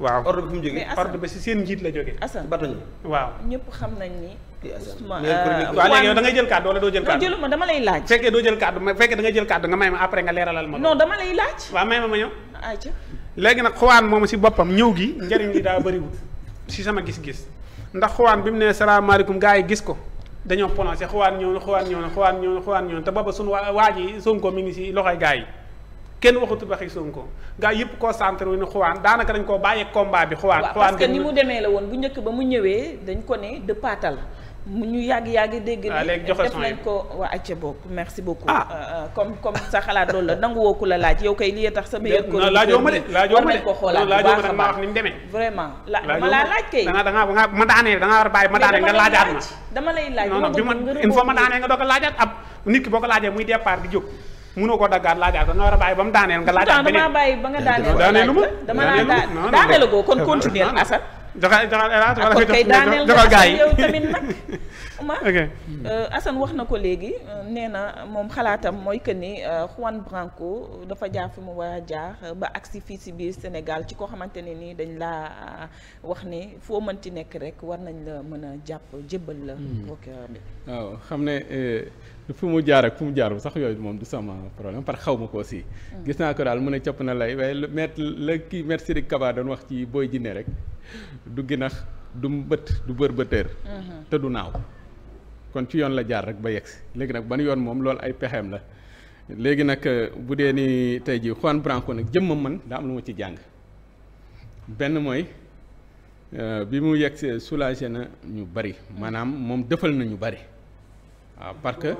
waaw ordre bi mu jógee ordre bi si seen njiit la jógee. Assane batoñu waaw. ñëpp xam nañ ni. Ousmane euh, waaw léegi yow da jël kàddu wala doo jël kàddu. non jëluma dama lay laaj. fekkee doo jël kàddu ma fekkee da ngay jël kàddu nga may ma après nga leeralal ma. non dama lay laaj. waaw may ma ma ñëw. léegi nag xuwaan moom si boppam ñëw gi. njëriñ li daa bëriwul si sama gis-gis ndax xuwaan bi mu nee salaamaaleykum gaa yi gis ko dañoo prononcé xuwaan ñëw na xuwaan ñëw na xuwaan ñëw na xuwaan ñëw na te booba suñu waa waa ji Sonko mi ngi si loxoy gaa yi kenn waxatul waxi Sonko gaa yëpp concentré wu ne xuwaan daanaka dañ koo bàyyi combat bi xuwaan. xuwaan parce que ni mu demee la woon bu njëkk ba mu ñëwee dañ ko ne de paatal mu ñu yàgg yàgg dégg. Ah, léegi joxe def nañ ko waa acca bokk merci beaucoup. Ah. Euh, euh, comme comme sa xalaat loolu la nangu woo ku la laaj yow kay liy tax sama. yëg ko laajoo ma de laajoo ma de laajoo ma de la laa laaj kay. da nga ma daaneel da war a bàyyi ma daaneel nga laajaat ma. dama lay laaj dama lay laaj. non non ma nga doog a laajaat ab ki boo ko laajee muy départ mënoo ko daggaat laajaat ko nga war a bàyyi ba mu daaneel nga laajaat beneen ba nga daaneel daaneelu ma dama naan daaneelu goo kon continuer asal joxal joxal hélas wala ah, nga jox euh, wax na ko léegi nee na moom xalaatam mooy que ni euh, Juan Branco dafa jaar fu mu war a jaar euh, ba agsi fii si biir Sénégal ci koo xamante ne nii dañ laa wax ni foo ci nekk rek war nañ la mën a jàpp jébbal la procureur hmm. bi waaw xam ne fu mu jaar ak fu mu jaarul sax yooyu moom du sama problème par xaw ma ko aussi. Mm. gis naa ko daal mu ne copp na lay waaye lu maître la kii maître Sidiki Kaba doon wax ci booy jinne rek du ginax du mbët du bër bëtër. Mm-hmm. te du naaw kon ci yoon la jaar rek ba yegsi léegi nag ba ban yoon moom loolu ay pexeem la léegi nag euh, bu dee ni tey jii Juan Branco nag jëmmam man daa am lu ma ci jàng benn mooy. Euh, bi mu yegg see soulagé na ñu bari maanaam moom defal na ñu bari waaw ah, parce que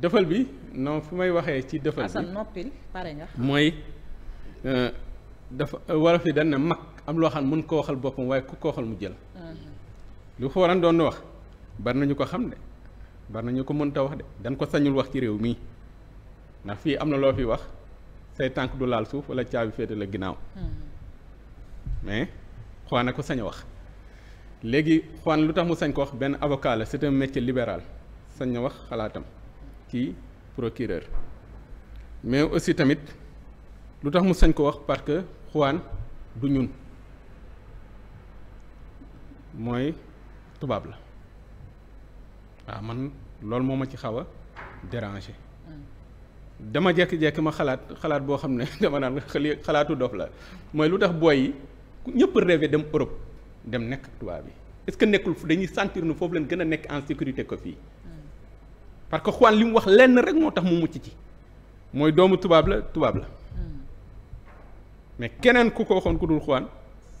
dëfal bi non fu may waxee ci dëfal bi pare nga mooy euh, dafa euh, wolof yi dan na mag am loo xam ne mën koo waxal boppam waaye ku ko waxal mu jël uh-huh. lu xooran doon wax bari nañu ko xam de bari nañu ko mënta wax de dañ ko sañul wax ci réew mii ndax fii am na loo fi wax say tànk du laal suuf wala caabi féete la ginnaaw uh-huh. mais xoolaan a ko sañ a wax léegi xoolaan lu tax mu sañ ko wax benn avocat la c'est un métier libéral sañ na wax xalaatam ci procureur mais aussi tamit lu tax mu sañ ko wax parce que Juan du ñun mooy tubaab la waaw man loolu moom ma ci xaw a déranger mm. dama jekki-jekki ma xalaat xalaat boo xam ne dama naan xalaatu dof la mooy lu tax booy yi ñëpp rêvé dem Europe dem nekk tubaab yi est-ce que nekkul dañuy sentir nu foofu leen gën a nekk en sécurité ko fii parce que Juan li mu wax lenn rek moo tax mu mucc ci mooy doomu tubaab la tubaab la hmm. mais keneen ku ko waxoon ku dul Juan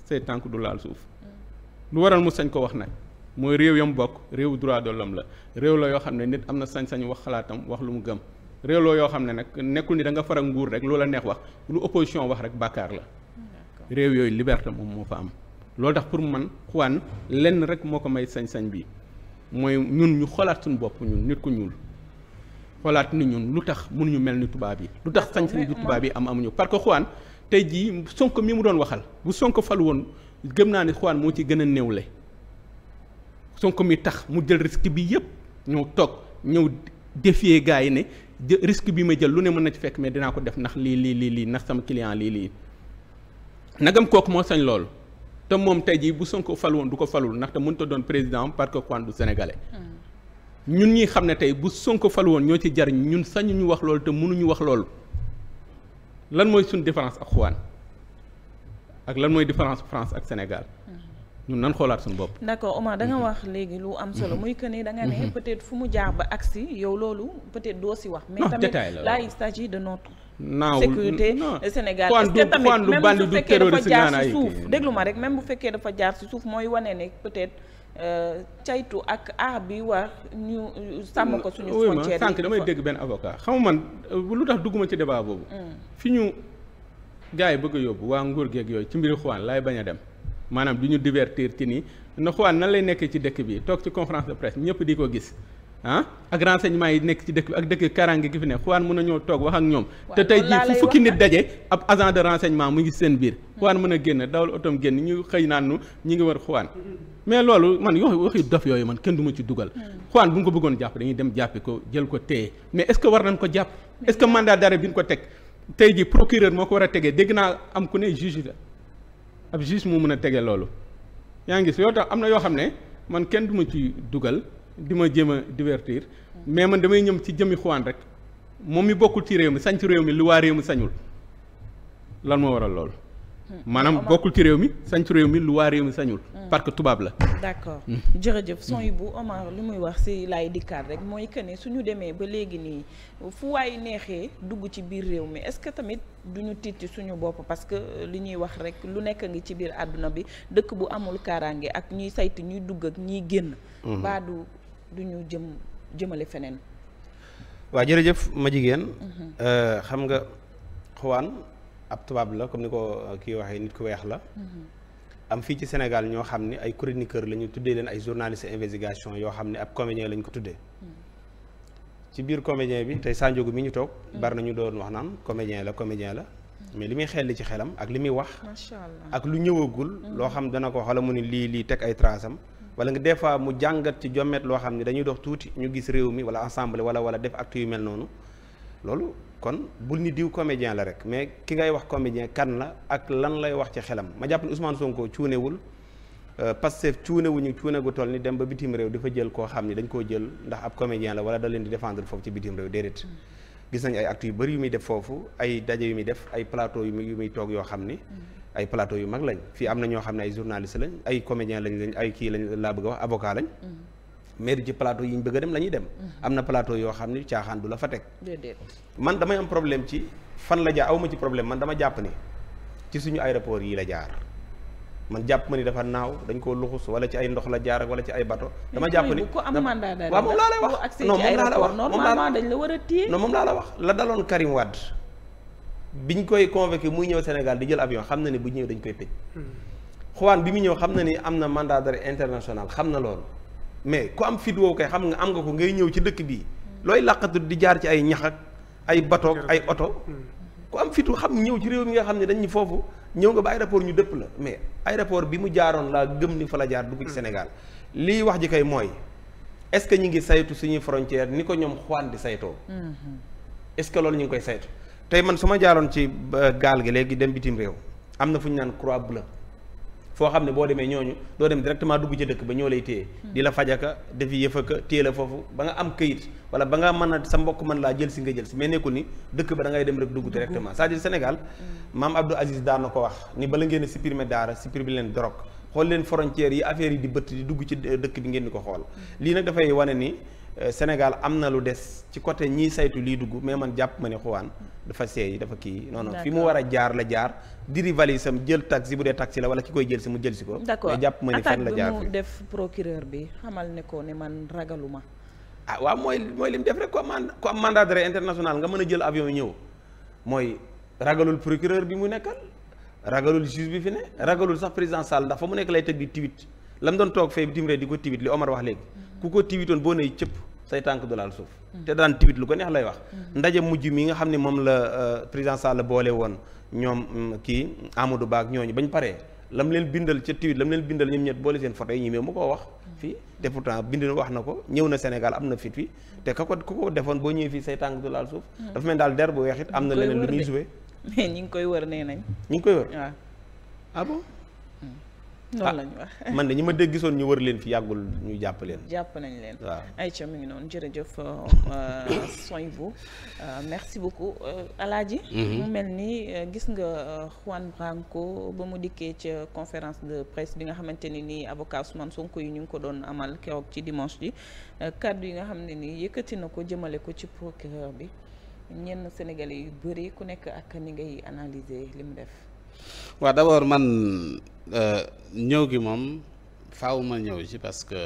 say tànk du laal suuf hmm. lu waral mu sañ ko wax nag mooy réew yam bokk réew droit de l'homme la réew la yoo xam ne nit am na sañ-sañu wax xalaatam wax lu mu gëm réew la yoo xam ne nag nekkul ni danga nga far ak nguur rek loola neex wax lu opposition wax rek bàkkaar la réew yooyu liberté moom moo fa am loolu tax pour man Juan lenn rek moo ko may sañ-sañ bi mooy ñun ñu xoolaat suñu bopp ñun nit ku ñuul xoolaat ni ñun lu tax ñu mel ni tubaab yi lu tax sañ-sañ bi tubaab yi am amuñu parce xuwaan tey jii Sonko mi mu doon waxal bu Sonko fal woon gëm naa ne xuwaan moo ci gën a néewle sonk mi tax mu jël risque bi yépp ñëw toog ñëw défier gars yi ne risque bi ma jël lu ne mën na ci fekk mais dinaa ko def ndax lii lii lii lii ndax sama client lii lii nagam kooku moo sañ loolu te moom tey jii bu Sonko fal woon du ko falul ndaxte mënut a doon président parce que quand du sénégalais. Hmm. ñun ñi xam ne tey bu Sonko fal woon ñoo ci jariñ ñun sañu ñu wax loolu te mënuñu wax loolu lan mooy suñu différence ak xuwaan ak lan mooy différence France ak Sénégal. Hmm. ñun nan xoolaat suñu bopp. d'accord Omar da nga hmm. wax léegi lu am solo. muy que ne da nga ne peut-être fu mu jaar ba agsi yow loolu peut doo si wax. mais tamit là il s'agit de notre. naawul sécurité Sénégal est-ce que tamit même bu fekkee dafa jaar ci suuf rek même bu fekkee dafa jaar ci suuf mooy wane ne peut-être euh, caytu ak aar bi war ñu euh, sàmm ko suñu frontière sànq damay dégg benn avocat xam man euh, lu tax dugguma ci débat boobu mm. fi ñu gars bëgg a yóbbu waa nguur geeg yooyu ci mbiri xuwaan laay bañ a dem maanaam duñu ñu divertir ci ni na xuwaan nan lay nekkee ci dëkk bi toog ci conférence de presse ñëpp di ko gis ah ak renseignement yi nekk ci dëkk bi ak dëkk karange gi fi ne xuwaan mën a ñoo toog wax ak ñoom te tey jii fu fukki nit daje ab agent de renseignement mu ngi seen biir xuwaan hmm. mën a génn dawal otom génn ñu xëy naan nu ñi ngi war xuwaan mais loolu man yoo waxi dof yooyu man kenn du ma ci dugal xuwaan hmm. bu ñu ko bëggoon jàpp dañuy dem jàppi ko jël ko téye mais est que war nañ ko jàpp est ce que mandat d'arrêt bi ñu ko teg tey jii procureur moo ko war a tegee dégg naa am ku ne juge la ab juge moo mën a tege loolu yaa ngi si yoo am na yoo xam ne man kenn du ma ci dugal di ma jéem a divertir mais man damay ñëm ci jëmmi xuwaan rek moom mi bokkul ci réew mi sañ réew mi lu waa réew mi sañul lan moo waral loolu. Hmm. maanaam bokkul ci réew mi sañ réew mi lu waa réew mi sañul. Hmm. parce que tubaab la. d'accord hmm. jërëjëf son yi bu Omar lu muy wax si laay dikkaat rek mooy que ne suñu demee ba léegi nii fu waay neexee dugg ci biir réew mi est-ce que tamit duñu tiit ci suñu bopp parce que euh, li ñuy wax rek lu nekk ngi ci biir àdduna bi dëkk bu amul kaaraange ak ñuy saytu ñuy dugg ak ñii génn. baadu du ñu jëm jëmale feneen. waaw jërëjëf ma jigéen. Mhm. Euh, xam nga xawaan ab tubaab la comme ni ko euh, kii waxee nit ku weex la. Mhm. am fii ci Sénégal ñoo xam ni ay chroniqueur la ñu tuddee leen ay journaliste investigation yoo xam ne ab comédien la ko tuddee. Mhm. ci biir comédien bi tey Sanjogu mi ñu toog. bari nañu doon wax naan comédien la comédien la. mais li muy xel li ci xelam ak li muy wax. macha allah ak lu ñëwagul. loo xam dana ko xoolal mu ni lii lii teg ay trace am wala nga des fois mu jàngat ci jommet loo xam ne dañuy dox tuuti ñu gis réew mi wala ensemble wala wala def acte yu mel noonu loolu kon bul ni diw comédien la rek mais ki ngay wax comédien kan la ak lan lay wax ci xelam ma jàpp ne Ousmane Sonko cuunewul euh, Pastef cuunewuñu cuune gu toll ni dem ba bitim réew di fa jël koo xam ni dañ koo jël ndax ab comédien la wala da leen di défendre foofu ci bitim réew déedéet mm. gis nañ ay actes yu bëri yu muy def foofu ay daje yu muy def ay yu muy yu muy toog yoo xam ni mm. ay plateau yu mag lañ fii am na ñoo xam ne ay journaliste lañ ay comédien lañ lañ ay kii lañ laa bëgg a wax avocat lañ mm. mais du ci plateau yi ñu bëgg a dem la ñuy dem mm. am na plateau yoo xam ne caaxaan du la fa teg man damay am problème ci fan la jaar awma ci problème man dama jàpp ni ci suñu aéroport yi la jaar man jàpp ma ni dafa naaw dañ koo luxus wala ci ay ndox la jaar wala ci ay bato dama jàpp ni ku am mandat d'arrêt waaw moom laa lay wax non moom laa la wax dañ la war a moom laa wax la daloon Karim Wade ñu koy convoqué muy ñëw Sénégal di jël avion xam na ni bu ñëw dañ koy tëj. xuwaan bi mu ñëw xam na ni am na mandat d'arrêt international xam na loolu mais ku am fit woowu kay xam nga am nga ko ngay ñëw ci dëkk bii looy làqatu di jaar ci ay ñax ay bateau ay oto. ku am fitu xam ñëw ci réew mi nga xam ne dañ ñu foofu ñëw nga ba aéroport ñu dëpp la mais aéroport bi mu jaaroon laa gëm ni fa la jaar dugg ci Sénégal lii wax ji kay mooy est-ce que ñu ngi saytu suñuy frontière ni ko ñoom xuwaan di saytoo. Mm-hmm. ce que loolu ñu ngi koy saytu. tey man su ma jaaroon ci gaal gi léegi dem bitim réew am na fu ñu naan croix bleue foo xam ne boo demee ñooñu doo dem directement dugg ci dëkk ba ñoo lay téye hmm. di la fajaka defi yëfaka téye la foofu ba nga am këyit wala ba nga mën a sa mbokk mën laa jël si nga jël si mais nekkul ni dëkk ba dangay dem rek dugg directement c'est-à-dire Sénégal hmm. maam Abdou Aziz daan na ko wax ni bala ngeen a supprimer daara supprimer leen drogue xool leen frontières yi affaire yi di bëtt di dugg ci dëkk bi ngeen di ko xool hmm. lii nag dafay wane ni Euh, Sénégal am na lu des ci côté ñiy saytu liy dugg mais man jàpp ma ne xuwaan dafa seey dafa kii non non fi mu war a jaar la jaar di rivaliser sam jël taxi bu dee taxi la wala ci koy jël si mu jël si ko. d'accord mais ma ne la jaar mu def procureur bi xamal ne ko ne man ragaluma. ah waaw mooy mooy li def rek ku am man ku am mandat international nga mën a jël avion ñëw mooy ragalul procureur bi mu nekkal ragalul juge bi fi ne ragalul sax président Sall dafa mu nekk lay teg di tiwit la doon toog fee bi di ko tiwit li Omar wax léegi. ku ko tiwitoon boo nay cëpp say tànk du laal suuf mm. te daan tiwit lu ko neex lay wax mm. ndaje mujj mi nga xam ne moom la euh, président Sall boole woon ñoom mm, kii Amadou Ba ak ñooñu bañ paree lam leen bindal ca tiwit lam leen bindal ñoom ñett boole seen photo yi ñi mu koo wax fii te pourtant bind na wax na ko ñëw na Sénégal am na fit fi te ka ko ku ko defoon boo ñëwee fii say tànk du laal suuf dafa mel daal der bu weex am na leneen lu muy joué mais ngi koy wër nee nañ ñi ngi koy wër loolu ah, man de ñu ma dégg soon ñu war leen fi yàggul ñu jàpp leen. jàpp nañ leen waaw. ayca mi ngi noonu jërëjëf euh, euh, soñ bu euh, merci beaucoup Alaaji. Mhm. mu mel ni gis nga Juan Branco ba mu dikkee ca conférence de presse bi nga xamante ni nii avocat Ousmane Sonko yi ñu ngi ko doon amal keroog ci dimanche bi kàddu yi nga xam ne nii yëkkati na ko jëmale ko ci procureur bi ñenn Sénégalais yu bëri ku nekk ak ni ngay analyser li mu def. waaw d'abord man euh, ñëw gi moom faaw ma ñëw ci parce que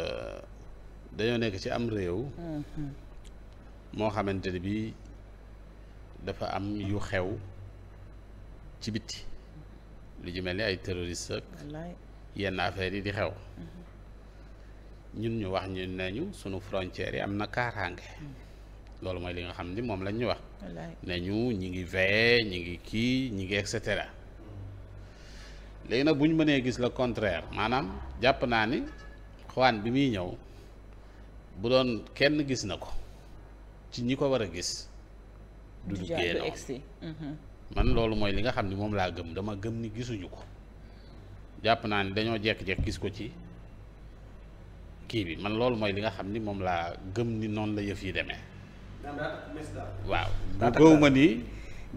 dañoo nekk ci am réew. Mm-hmm. moo xamante ni bii dafa am yu xew ci bitti lu ci mel ni ay terroriste ak yenn affaires yi di xew. Mm-hmm. ñun ñu wax ñu ne ñu sunu frontières yi am na kaaraange. Mm-hmm. loolu mooy li nga xam ni moom lañ ñu wax. ne ñu ñi ngi veillé ñi ngi kii ñi ngi et léegi nag bu ñu mënee gis le contraire maanaam jàpp naa ni xawaan bi muy ñëw bu doon kenn gis na ko ci ñi ko war a gis. du duggee noonu mhm. man loolu mooy li nga xam ni moom laa gëm dama gëm ni gisuñu ko jàpp naa ni dañoo jekk gis ko ci kii bi man loolu mooy li nga xam ni moom laa gëm ni noonu la yëf yi demee. waaw bu gëwuma ni.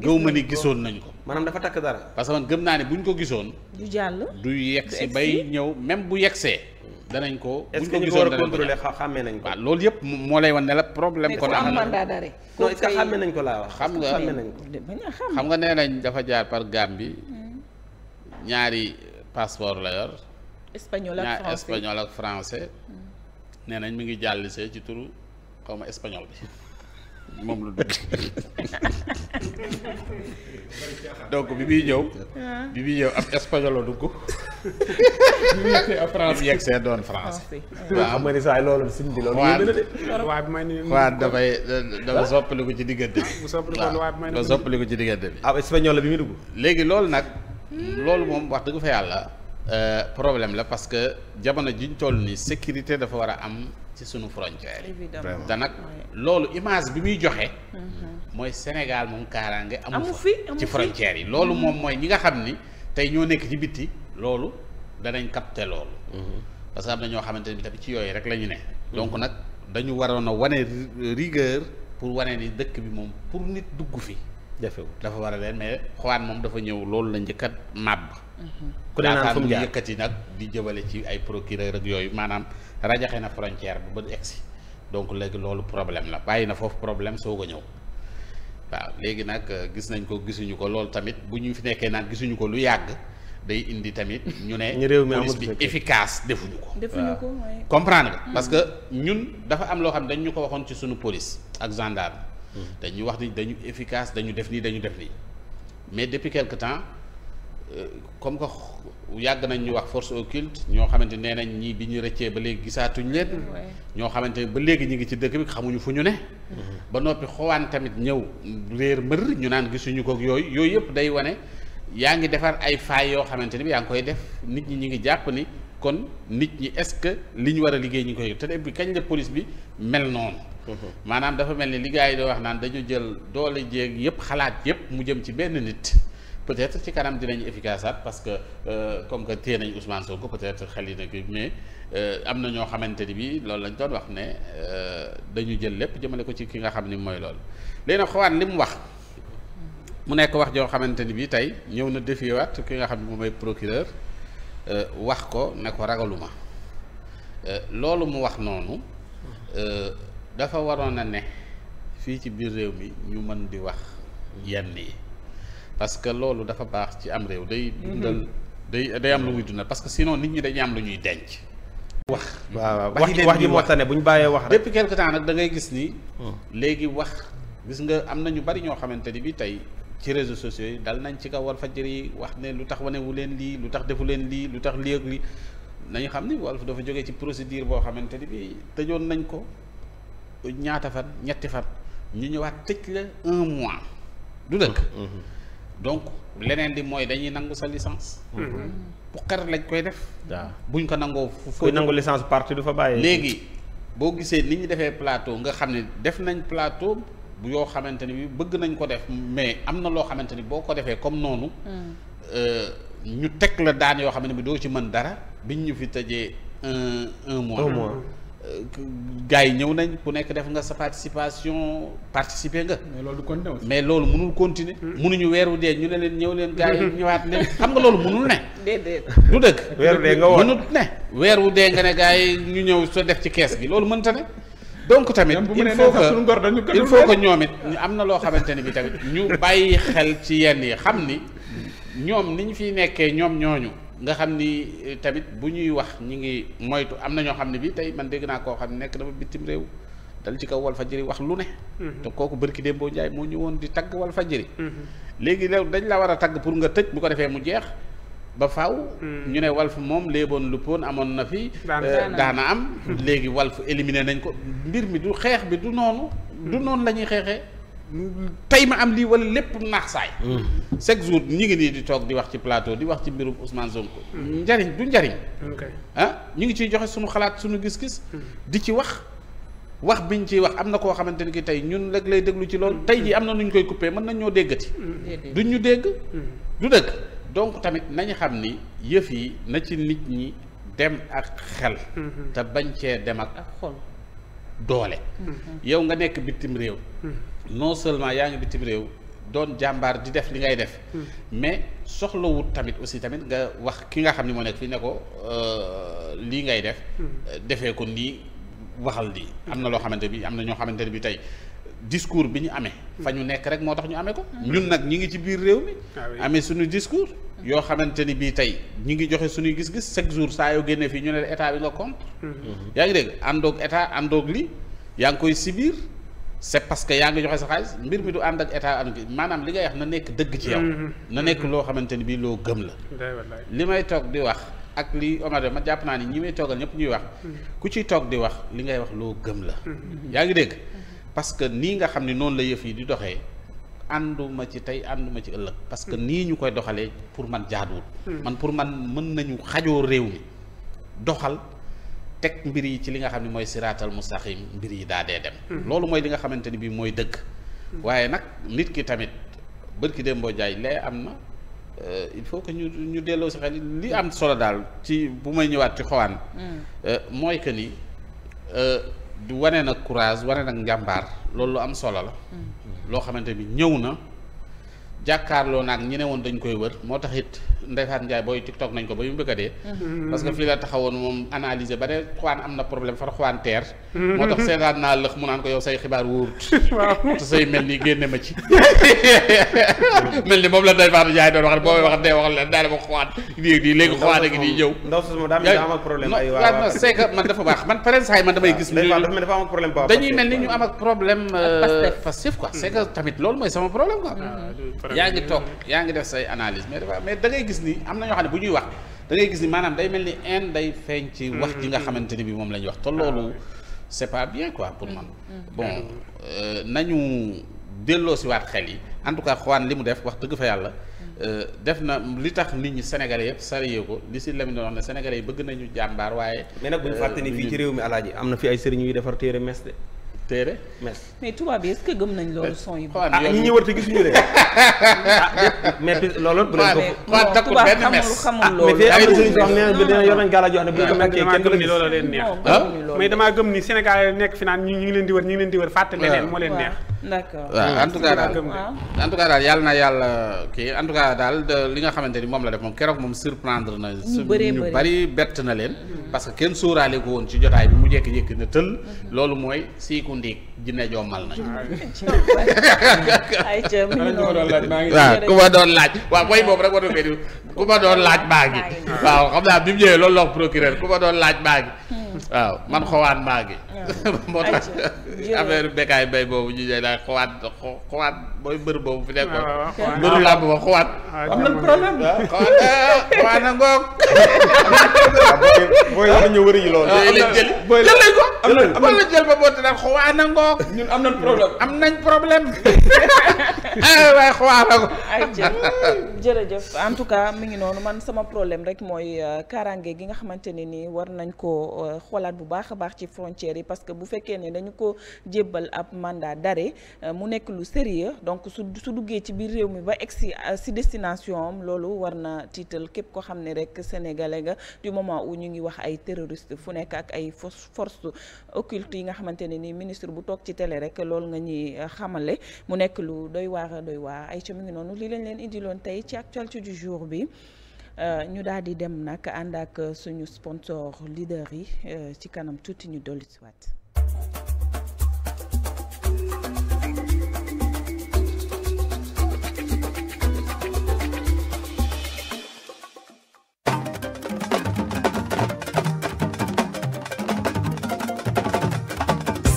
gëw ma ni gisoon nañu ko. maanaam dafa takk dara. parce que gëm naa ne bu ñu ko gisoon. du jàll du yegg bay ñëw même bu yegsee. danañ ko bu ñu ko gisoon danañ ko xàmmee nañ ko. waaw loolu yëpp moo lay wan ne la problème. kon am mandat d'arrêt non nañ ko laa xam nga xam nga nee nañ dafa jaar par Gambie hmm. ñaari passeport la yor. espagnol ak français ak français. Hmm. nee nañ mi ngi jàll see ci turu xaw ma espagnol bi. moom lu dugg donc bi muy ñëw. Ah. bi muy ñëw ab espagnol dugg. bi see ab France bi yegg see doon France. waaw xam nga ni saa yi loolu suñ bi loolu. waaw waaw bi may nuyu. waaw dafay dafa soppaliku ci diggante bi. bu soppaliku waaw dafa soppaliku ci diggante bi. ab ah, espagnol bi muy dugg. léegi loolu nag. loolu moom wax dëgg fa yàlla. Euh, problème la parce que jamono jiñ toll nii sécurité dafa war a am. ci sunu frontière yi te nag loolu image bi muy joxe mm-hmm. mooy Sénégal moom kaaraange amu fa ci frontière yi loolu mm-hmm. moom mooy ñi nga xam ni tey ñoo nekk ci bitti loolu danañ capter loolu mm-hmm. parce que am na ñoo xamante ni tamit ci yooyu rek la ñu ne donc nag dañu waroon a wane rigueur pour wane ni dëkk bi moom pour nit dugg fi jafewul dafa war a leen mais xawaan moom dafa ñëw loolu la njëkkat màbb ku ne naan fu nag di jëbale ci ay procureur ak yooyu maanaam rajaxe na frontière bi ba egsi donc léegi loolu problème la bàyyi na foofu problème soog a ñëw waaw léegi nag euh, gis nañ ko gisuñu ko loolu tamit bu ñu fi nekkee naan gisuñu ko lu yàgg day indi tamit ñu ne police bi efficace defuñu ko defuñu ko comprendre nga parce que hmm. ñun dafa am loo xam dañ ñu ko waxoon ci suñu police ak gendarme hmm. dañu wax ni dañu efficace dañu def nii dañu def nii mais depuis quelque temps Euh, comme que yàgg nañ ñu wax force occulte ñoo xamante nee nañ ñii bi ñu rëccee ba léegi gisaatuñ leen. ñoo xamante ne ba léegi ñu ngi ci dëkk bi xamuñu fu ñu ne. Mm-hmm. ba noppi xowaan tamit ñëw réer mbër ñu naan gisuñu koog yooyu yooyu yëpp day wane yaa ngi defar ay faay yoo xamante ni bi yaa ngi koy def nit ñi ñu ngi jàpp ni kon nit ñi est-ce que li ñu war a liggéey ñu ngi koy te et puis kañ la police bi mel noonu. Mm-hmm. maanaam dafa mel ni li gars yi di wax naan dañu jël doole jéeg yëpp xalaat yëpp mu jëm ci benn nit. peut-être ci kanam dinañ efficace parce que euh, comme que téye nañ Ousmane Sonko peut-être xel yi nag mais euh, am na ñoo xamante ni bii loolu lañ doon wax ne euh, dañu jël lépp jëmale ko ci ki nga xam ni mooy lool léegi nag xawaan li mu wax mu nekk wax joo xamante ni bii tey ñëw na defiwaat ki nga xam ni moom mooy procureur wax ko ne ko loolu mu wax noonu dafa waroon a ne fii ci biir réew mi ñu mën di wax yenn yi. parce que loolu dafa baax ci am réew day mhm. dundal day day am lu muy dundal parce que sinon nit ñi dañuy am lu ñuy denc wax waaw wax wax ji moo tane bu ñu bàyyee wax depuis quelque temps nag dangay gis ni oh. léegi wax gis nga am na ñu bari ñoo xamante ni bi tey ci réseau sociaux yi dal nañ ci kaw Walfadjri yi wax ne lu tax wanewu leen lii lu tax defu leen lii lu tax lii ak lii nañu xam ni Walf dafa jóge ci procédure boo xamante ni bi tëjoon nañ ko ñaata fan ñetti fan ñu ñëwaat tëj la du dëkk donc leneen di mooy dañuy nangu sa licence. Mm-hmm. bu lañ koy def. waaw buñ ko nangoo. fooy nangu licence parti du fa bàyyi. léegi boo gisee ni ñu defee plateau nga xam ne def nañ plateau bu yoo xamante ni bi bëgg nañ ko def mais am na loo xamante ni boo ko defee comme noonu. Mm. Euh, ñu teg la daan yoo xam ne bi doo ci mën dara biñ ñu fi tëjee un un mois. gars yi ñëw nañ ku nekk def nga sa participation participer nga. mais loolu du continuer mais loolu mënul continuer. Hmm. mënuñu weeru dee ñu ne leen ñëw leen gars hmm. ñëwaat leen xam nga loolu mënul ne. déedéet dëkk weer weeru dee nga woon mënut ne. wu dee nga ne gars yi ñu ñëw soo def ci kees bi loolu mënta ne. donc tamit il faut que il faut que ñoom it ñu am na loo xamante ne bi tamit ñu bàyyi xel ci yenn yi xam ni ñoom ni ñu fiy nekkee ñoom ñooñu. nga xam ni eh, tamit bu ñuy wax ñi ngi moytu am na ñoo xam ne bi tey man dégg naa koo xam ne nekk dafa bitim réew dal ci kaw Walfadjri wax lu ne mhm. te kooku bërki Dembo Njaay moo ñëwoon di tagg Walfadjri mhm. léegi léew dañ la war a tagg pour nga tëj bu ko defee mu jeex ba faw mhm. ñu ne Walf moom léeboon luppoon amoon na fi eh, daana am léegi Walf éliminer nañ ko mbir mi du xeex bi du noonu du noonu la xeexee tey ma am lii wala lépp naax saay hmm. chaque jour ñu ngi nii di toog di wax ci plateau di wax ci mbirum Ousmane sonk hmm. njariñ du njariñ ah ñu ngi ciy joxe suñu xalaat suñu gis-gis hmm. di ci wax wax biñ ciy wax am na koo xamante ni ki tey ñun rek lay déglu ci loolu tey jii am na nu ñu koy coupé mën nañ ñoo déggati duñ ñu dégg du dëgg donc tamit nañu xam ni yëf yi na ci nit ñi dem ak xel te bañ cee dem ak xol doole yow nga nekk bitim réew non seulement yaa ngi bitim réew doon jàmbaar di def li ngay def. Hmm. mais soxlawut tamit aussi tamit nga wax ki nga xam ne moo nekk fi ne ko euh, lii ngay def. Hmm. defee ko nii waxal lii. Hmm. am na loo xamante bi am na ñoo xamante ne bi tey. discours bi ñu amee. fa ñu nekk rek moo tax ñu amee ko. ñun nag ñi ngi ci biir réew mi. Ah amee suñu discours. yoo xamante ni bii tey ñi ngi joxe suñuy gis-gis chaque jour saa yoo génnee fii ñu ne état bi nga compte. yaa ngi dégg àndoog état àndoog li yaa ngi koy si biir c' est parce que yaa ngi joxe sa xaalis mbir mi du ànd ak état am maanaam li ngay wax na nekk dëgg ci yow. Mm-hmm. na nekk loo xamante ni bii loo gëm la. li may toog di wax ak li Omar ma jàpp naa ni ñi may toogal ñëpp ñuy wax. Mm-hmm. ku ciy toog di wax li ngay wax loo gëm la. Mm-hmm. yaa ngi dégg parce que nii nga xam ne noonu la yëf yi di doxee. ànduma ci tey ànduma ci ëllëg parce que nii ñu koy doxalee pour man jaaduwul. man pour man mën nañu xajoo réew mi doxal teg mbir yi ci li nga xam ne mooy siraatal mustaqim mbir yi daa dee dem. Hmm. loolu mooy li nga xamante ni bii mooy dëkk hmm. waaye nag nit ki tamit bërki démboo jaay lee am na euh, il faut que ñu ñu delloo si xel li am solo daal ci bu may ñëwaat ci xawaan. Hmm. Euh, mooy que ni euh, du wane nag courage wane nag njàmbaar loolu lu am solo la. loo xamante ni ñëw na. jàkkaarloo naag ñu ne woon dañ koy wër moo tax it Ndeye Fatou Ndiaye booy tiktok nañ ko ba mu bëgg a dee. Mm-hmm. parce que fii la taxawoon moom analyser ba ne xawaan am na problème far xawaan teer. Mm-hmm. moo tax seetaan naa lëx mu naan ko yow mel ni génne ma ci. mel ni moom la Ndeye Fatou boo may wax dee wax la daal ma xawaan léegi léegi xawaan ak di ñëw. ndaw si moom daa man dafa baax man pare man damay gis. dañuy dafa am ak problème dañuy mel ni ñu am ak problème. Euh, Pastef quoi c'est que tamit loolu mooy sama problème quoi ah, yaa ngi toog yaa ngi def say analyse mais dafa mais da gis ni am na ñoo xam ne bu ñuy wax dangay gis ni maanaam day mel ni inde day feeñ ci wax ji nga mm-hmm. xamante ni bi moom la ñuy wax te loolu ah, pas bien quoi pour man mm-hmm. bon mm-hmm. Euh, nañu delloo si waat xel yi en tout cas xawaan li mu def wax dëgg fa yàlla euh, def na li tax nit ñi sénégalais yëpp sariyee ko li si Lamine doon wax ne sénégalais yi bëgg nañu jàmbaar waaye mais nag bu ñu fàtte ni euh, fii ci réew mi alaaji am na fi ay sëriñ yuy defar téere téere mais tubaab bi est gëm nañ loolu son yi. ah ñi ñi wërti gisuñu leen. Ah, mais loolu bu lool ko. waaw tubaab xamul ah, loolu mais am na yor nañ gaala joo xam ne bu ñu nekkee ah, kenn du loolu leen neex mais damaa gëm ni Sénégal nekk fi naan ñu ngi leen di wër ñu leen di wër fàtte leneen moo leen neex d'accord waaw en tout cas daal ah. en tout cas daal yàlla na yàlla kii en tout cas daal li nga xamante ni moom la def moom keroog moom surprendre na ñu bari bett na leen parce que kenn sóoraale ko woon ci jotaay bi mu jékki-jékki na tël mhm. loolu mooy siiku ndiig jinne jommal nañu waaw ku ma doon laaj waaw mooy boobu rek war na ku ma doon laaj baa ngi waaw xam naa bi mu ñëwee loolu la procureur ku ma doon laaj baa waaw man xawaan maa ngi. moo tax affaire bekkaay bay boobu ñu ne la xawaat xawaat mooy mbër boobu fi nekkoon. Ah, waaw waaw mbëru làmb ba xawaat. Ah, am na problème ah, waaw xawaat na ngoog. booy yi ñu wëri loolu. booy la jël ko. am nañ am nañ jël ba boote nag xawaat na ngoog. ñun am nañ problème am nañ problème. ah waaye xawaat na ko. ayca jërëjëf en tout cas mi ngi noonu man sama problème rek mooy euh, kaaraange gi nga xamante ne nii war nañ ko. Euh, xoolaat bu baax a baax ci frontières yi parce que bu fekkee ne dañu ko jébbal ab mandat d'arrêt euh, mu nekk lu sérieux donc su su duggee ci biir réew mi ba egg si euh, si destination am loolu war na tiital képp ko xam ne rek sénégalais nga du moment où ñu ngi wax ay terroriste fu nekk ak ay force occulte yi nga xamante ne ni ministre bu toog ci télé rek loolu nga ñuy euh, xamale mu nekk lu doy waar doy waar ay ca mu ngi noonu lii lañ leen indiloon tey ci actualité du jour bi Euh, ñu daldi dem nag ànd suñu sponsor lider yi euh, ci kanam tuuti ñu dolli si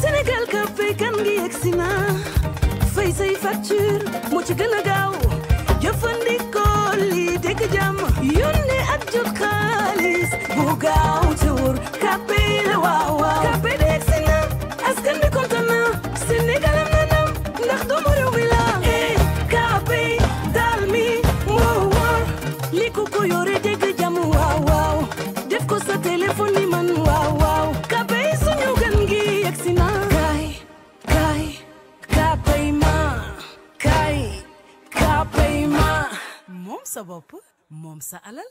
Sénégal ka fay kan gi yegsi na fay say facture moo ci gën gaaw gaaw te wóor kape la waaw waaw kape de egsi na askan bi kontaan na Sénégal am na ndam doomu réew la eh kape daal mi moo li ko ko yore dégg jàmm waaw waaw def ko sa téléphone man waaw waaw kape suñu gan gi egsi na kay kay kape ma kay kape ma moom sa bopp moom sa alal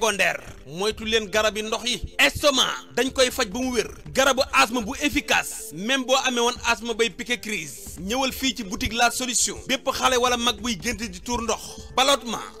secondaire moytu leen garab yi ndox yi estomac dañ koy faj ba mu wér garabu asma bu efficace même boo amee woon asma bay piqué crise ñëwal fii ci boutique la solution bépp xale wala mag buy gént di tuur ndox ballottement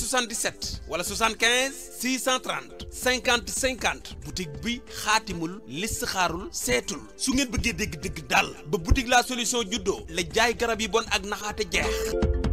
77 wala 75 630 50 50 boutique bi xaatimul listixaarul seetul su ngeen bëggee dégg-dégg daal ba boutique la solution juddoo la jaay garab yi bon ak naxaate jeex.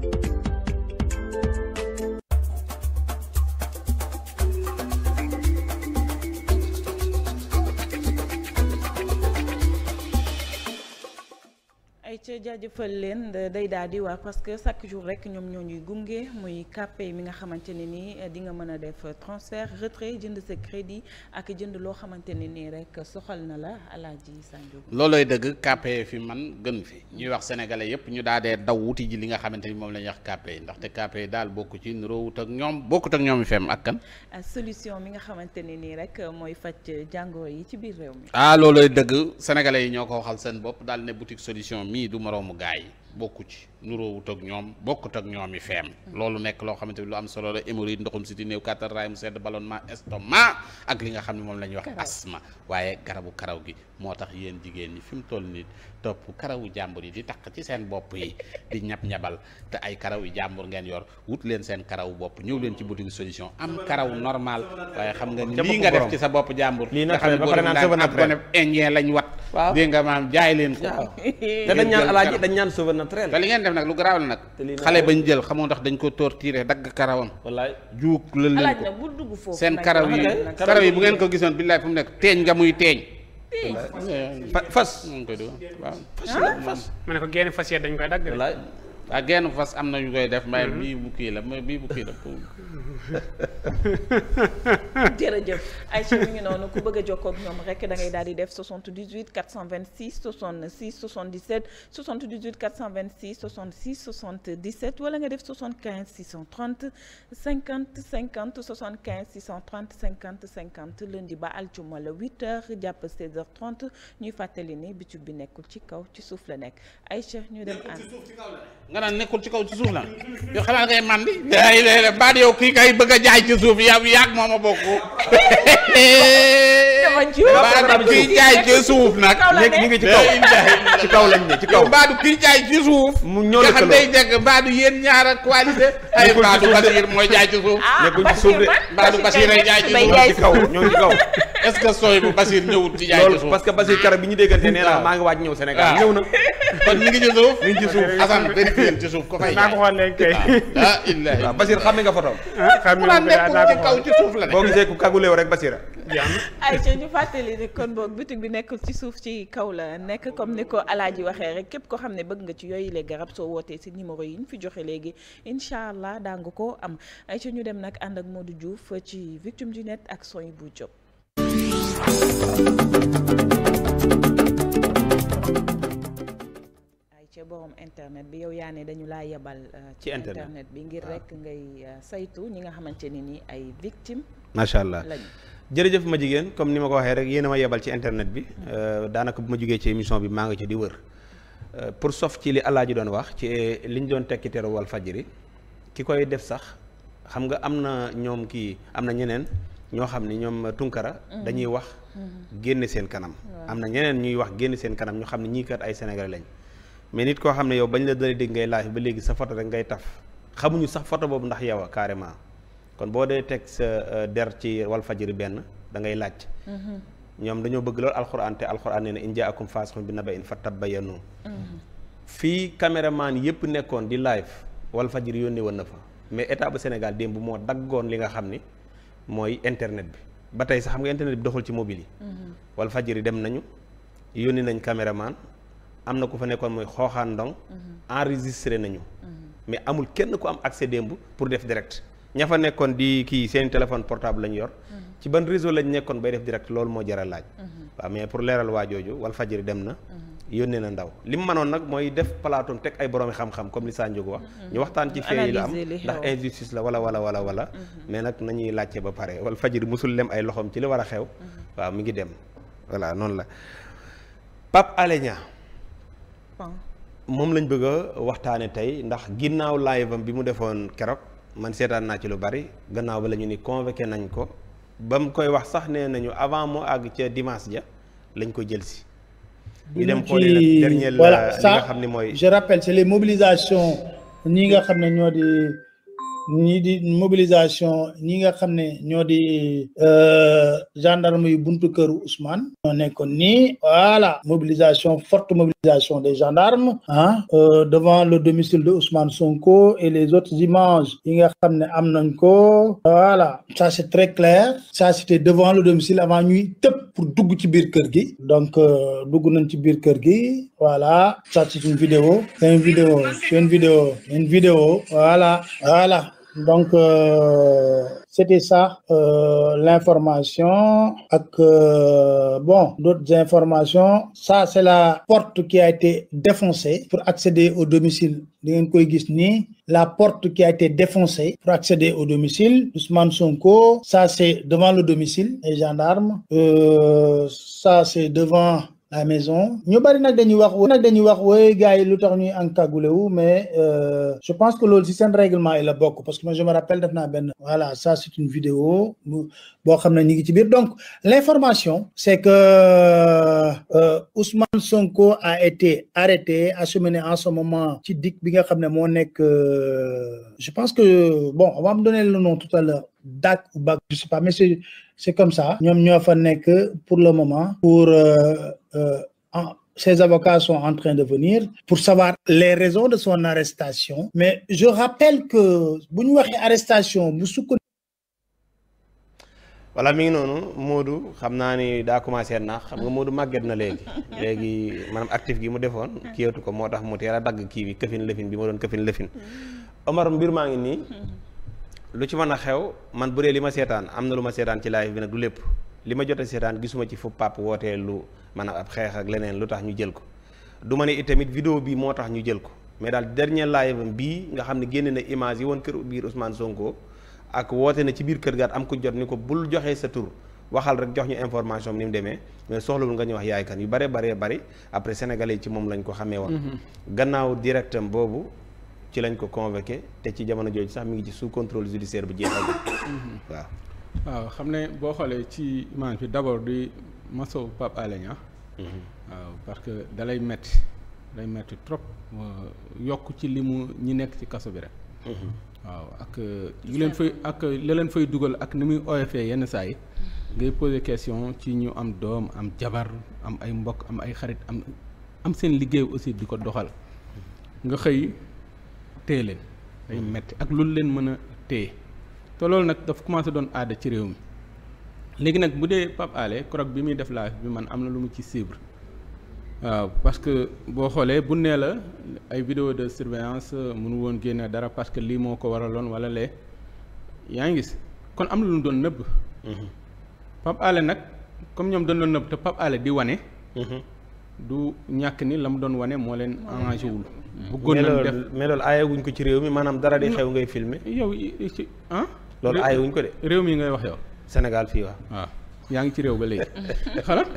ay ca jaajëfal leen day daal di waar parce que chaque jour rek ñoom ñoo ñuy gunge muy kàppe mi nga xamante ne nii eh, di nga mën a def transfert retrait jënd sa crédit ak jënd loo xamante ne nii rek soxal na la alaaji Sanjo. loolooy dëgg kàppe fi man gën fi ñuy wax sénégalais yëpp ñu daal dee daw wuti ji li nga xamante ni moom la ñuy wax kàppe yi ndaxte kàppe yi daal bokk ci niroowut ak ñoom bokkut ak ñoom fem ak kan. Eh, solution mi nga xamante ne nii rek mooy faj jàngoro yi ci biir réew mi. Ah, dëgg sénégalais yi ñoo ko waxal seen bopp daal ne boutique solution mi. mii du moroomu gaay yi bokku ci nuroowut ak ñoom bokkut ak ñoom yi feem loolu nekk loo xamante bi lu am solo la hémorroïde ndoxum siti néew kàttan raay mu sedd ballonnement estomac ak li nga xam ne moom la ñuy wax asma waaye garabu karaw gi moo tax yéen jigéen ñi fi mu toll nii topp karawu jàmbur yi di taq ci seen bopp yi di ñab-ñabal te ay karaw yi jàmbur ngeen yor wut leen seen karawu bopp ñëw leen ci boutique solution am karaw normal waaye xam nga ni lii nga def ci sa bopp jàmbur nga xam ne boo ak gone indien lañ wat dégg nga maam jaay naturel. te li ngeen def nag lu garaaw la nag. xale bañ jël xamoo ndax dañ ko torturé dagg karawam. wallaay juug lël leen ko dugg foofu seen karaw yi karaw yi bu ngeen ko gisoon billaay fu mu nekk teeñ nga muy teeñ. fas fas. waaw ah. fas. ma ne ko génn fas yéen dañ koy dagg. ah genn fas am na ñu koy def. mais mhm. bii bu kii la mais bii bu kii la pour. jërëjëf Aïcha mi ngi noonu ku bëgg a jokkoo ak ñoom rek da ngay daal di def 78 426 66 77 78 426 66 77 wala nga def 75 630 50 50 75 630 50 50 lundi ba aljuma la 8h jàpp 16h30 ñuy fàttali ni bitub bi nekkul ci kaw ci suuf la nekk Aïcha ñu dem ànd. nga naan nekkul ci kaw ci suuf la yow xanaa ngay màndi day day baat yow kii kay bëgg a jaay ci suuf yow yàgg moom a bokk baadu kii jaay ci suuf nag nekk ngi ci kaw ci kaw kaw baadu kii jaay ci mu ñoo la xam day jekk baadu ñaar ak qualité ay baadu Basir mooy jaay ci suuf ah, nekkul ci suuf de baadu Basir ay jaay ci jaay ci suuf parce que Basir kara bi ñu déggante nee maa ngi waaj ñëw Sénégal ñëw na kon ñu ci suuf ñu ci suuf Assane yéen ci suuf ko fay ko ah, xool ah, léegi la ne boo gisee rek Basir ay kon boog bi nekkul ci suuf ci kaw nekk comme ni ko alaaji waxee rek képp ko xam ne bëgg nga ci yooyu les garab soo wootee si numéro yi ñu fi joxe léegi incha allah daa nga koo am ay ci ñu dem nag ànd ak Modou Diouf ci victime du net ak Soy bu Diop ci internet bi yow yaa ne dañu laa yebal. Euh, ci internet bi ngir ah. rek ngay euh, saytu ñi nga xamante ni nii ay victimes. macha allah lañu. jërëjëf ma jigéen comme ni ma ko waxee rek yéen a ma yebal ci internet bi hmm. euh, daanaka bu ma jógee ci émission bi maa ngi ci di wër pour sof ci li ji doon wax ci li ñu doon tekki teru wal ri ki koy def sax xam nga am na ñoom kii am na ñeneen ñoo xam ni ñoom tunkara hmm. dañuy wax hmm. génn seen kanam am na ñeneen ñuy wax génn seen kanam ñoo xam ne ñii kat ay Sénégalais mais nit koo xam ne yow bañ la doon dégg ngay live ba léegi sa photo rek ngay taf xamuñu sax photo boobu ndax yow a carrément kon boo dee teg sa euh, der ci Walfadjri benn da ngay laaj. Mm-hmm. ñoom dañoo bëgg loolu alxuraan te alxuraan nee na in jaakum faasiqun bi naba'in fatabayyanu mm-hmm. fii caméraman yëpp nekkoon di live Walfadjri yónnee woon na fa mais état bu Sénégal démb bu moo daggoon li nga xam ni mooy internet bi ba tey sax xam nga internet bi doxul ci mobile yi. Mm-hmm. Walfadjri dem nañu yónni nañ caméraman. am na ku fa nekkoon mooy xooxaan ndong mhm. enregistré nañu mhm. mais amul kenn ku am accès démb pour def direct ña fa nekkoon di kii seen téléphone portable la ñu yor mhm. ci ban réseau lañ nekkoon bay def direct loolu moo jaral laaj waaw mais pour leeral waa jooju wal fajiri dem na yónnee na ndaw li mu mënoon nag mooy def plateau teg ay boroomi xam-xam comme li Sanjogu wax ñu waxtaan ci fee yi la am ndax injustice la wala wala wala wala mais nag nañuy laajte ba pare wal fajiri musul lem ay loxoom ci li war a xew waaw mi ngi dem voilà noonu la Pape Alé pan moom lañ bëgg a waxtaane tey ndax ginnaaw live am bi mu defoon keroog man seetaan naa ci lu bari gannaaw ba la ñu ni convoqué nañ ko ba mu koy wax sax ne nañu avant mu àgg ca dimanche ja lañ ko jël si ñu dem xooli nag dernier la li nga xam ne mooy je rappelle c'est les mobilisation ñi nga xam ne ñoo di ñii di mobilisation ñi nga xam ne ñoo di euh, gendarme yu buntu këru Ousmane ñoo nekkoon nii voilà mobilisation forte mobilisation des gendarmes ah devant le domicile de Ousmane Sonko et les autres images yi nga xam ne am nañ ko voilà ça c'est très clair ça c'était devant le domicile avant ñuy tëb pour dugg ci biir kër gi donc euh, dugg nañ ci biir kër gi voilà ça c'est une vidéo c'est vidéo c'est vidéo une vidéo donc euh, c'était ça euh, l'information ak euh, bon d'autres informations ça c'est la porte qui a été défoncée pour accéder au domicile di ngeen koy gis nii la porte qui a été défoncée pour accéder au domicile Ousmane Sonko ça c'est devant le domicile les gendarmes euh, ça c'est devant la maison ñu bari nag dañuy wax nag dañuy wax wooy gars yi lu tax ñuy encagoulé wu mais euh, je pense que loolu si seen règlement yi la bokk parce que moi je me rappelle def naa benn voilà ça c'est une vidéo boo xam ne ñu ngi ci biir donc l'information c'est que euh, euh, Ousmane Sonko a été arrêté acheminé en ce moment ci DIC bi nga xam ne moo nekk euh, je pense que bon on va me donner le nom tout à l'heure DAC ou BAC je pas mais c'est comme ça ñoom ñoo fa nekk pour le moment pour euh, Euh, en, ses avocats sont en train de venir pour savoir les raisons de son arrestation. Mais je rappelle que bu ñu waxee arrestation bu sukkandiku. voilà mi ngi noonu Modou xam naa ni daa commencé na xam nga Modou màgget na léegi léegi maanaam actif gi mu defoon kiyatu ko moo tax mu teel dagg kii bi këfin lëfin bi ma doon këfin lëfin Omar mbir maa ngi nii lu ci mën a xew man bu dee li ma seetaan am na lu ma seetaan ci live bi nag du lépp. li ma jot a seetaan gisuma ci fu pap wootee lu maanaam ab xeex ak leneen lu tax ñu jël ko du ma ne it tamit vidéo bi moo tax ñu jël ko mais daal dernier live am bii nga xam ne génne na image yi woon kër biir Ousmane Sonko ak woote na ci biir kër gaat am ko jot ni ko bul joxee sa tur waxal rek jox ñu information bi ni mu demee mais soxlawul nga ñu wax yaay kan yu bare bare bari après sénégalais ci moom lañ ko xamee woon. Mm-hmm. gannaaw directam boobu ci lañ ko convoqué te ci jamono jooju sax mi ngi ci sous contrôle judiciaire bu jeexal mm-hmm. waaw. waaw xam ne boo xoolee ci image bi d'abord di masawu Pape Alé Niang mhm. waaw parce que dalay metti day metti trop yokk ci li mu ñi nekk ci kaso bi rek mhm. waaw ak yu leen fay ak la leen fay dugal ak ni muy oyofee yenn saa yi question ci ñu am doom am jabar am ay mbokk am ay xarit am seen liggéey aussi di ko doxal mhm. nga xëy téye leen metti ak loolu leen mën a téye te loolu nag dafa commencé doon aada ci réew mi léegi nag bu dee Pape Alé keroog bi muy def live bi man am na lu mu ci cibre waaw parce que boo xoolee bu nee la ay vidéo de surveillance mënu woon génne dara parce que lii moo ko waraloon wala lee yaa ngi gis kon am na lu doon nëbb. Mhm. Pape Alé nag comme ñoom doon doon nëbb te Pape Alé di wane. Mhm. du ñàkk ni la mu doon wane moo leen arrangé wul. Mhm. bëggoon nañ def mais loolu ko ci réew mi maanaam dara di xew ngay filme yow ah. loolu aay wuñ ko de. réew mi ngay wax yow. Sénégal fii waaw. Ah. yaa ngi ci réew ba léegi xalaat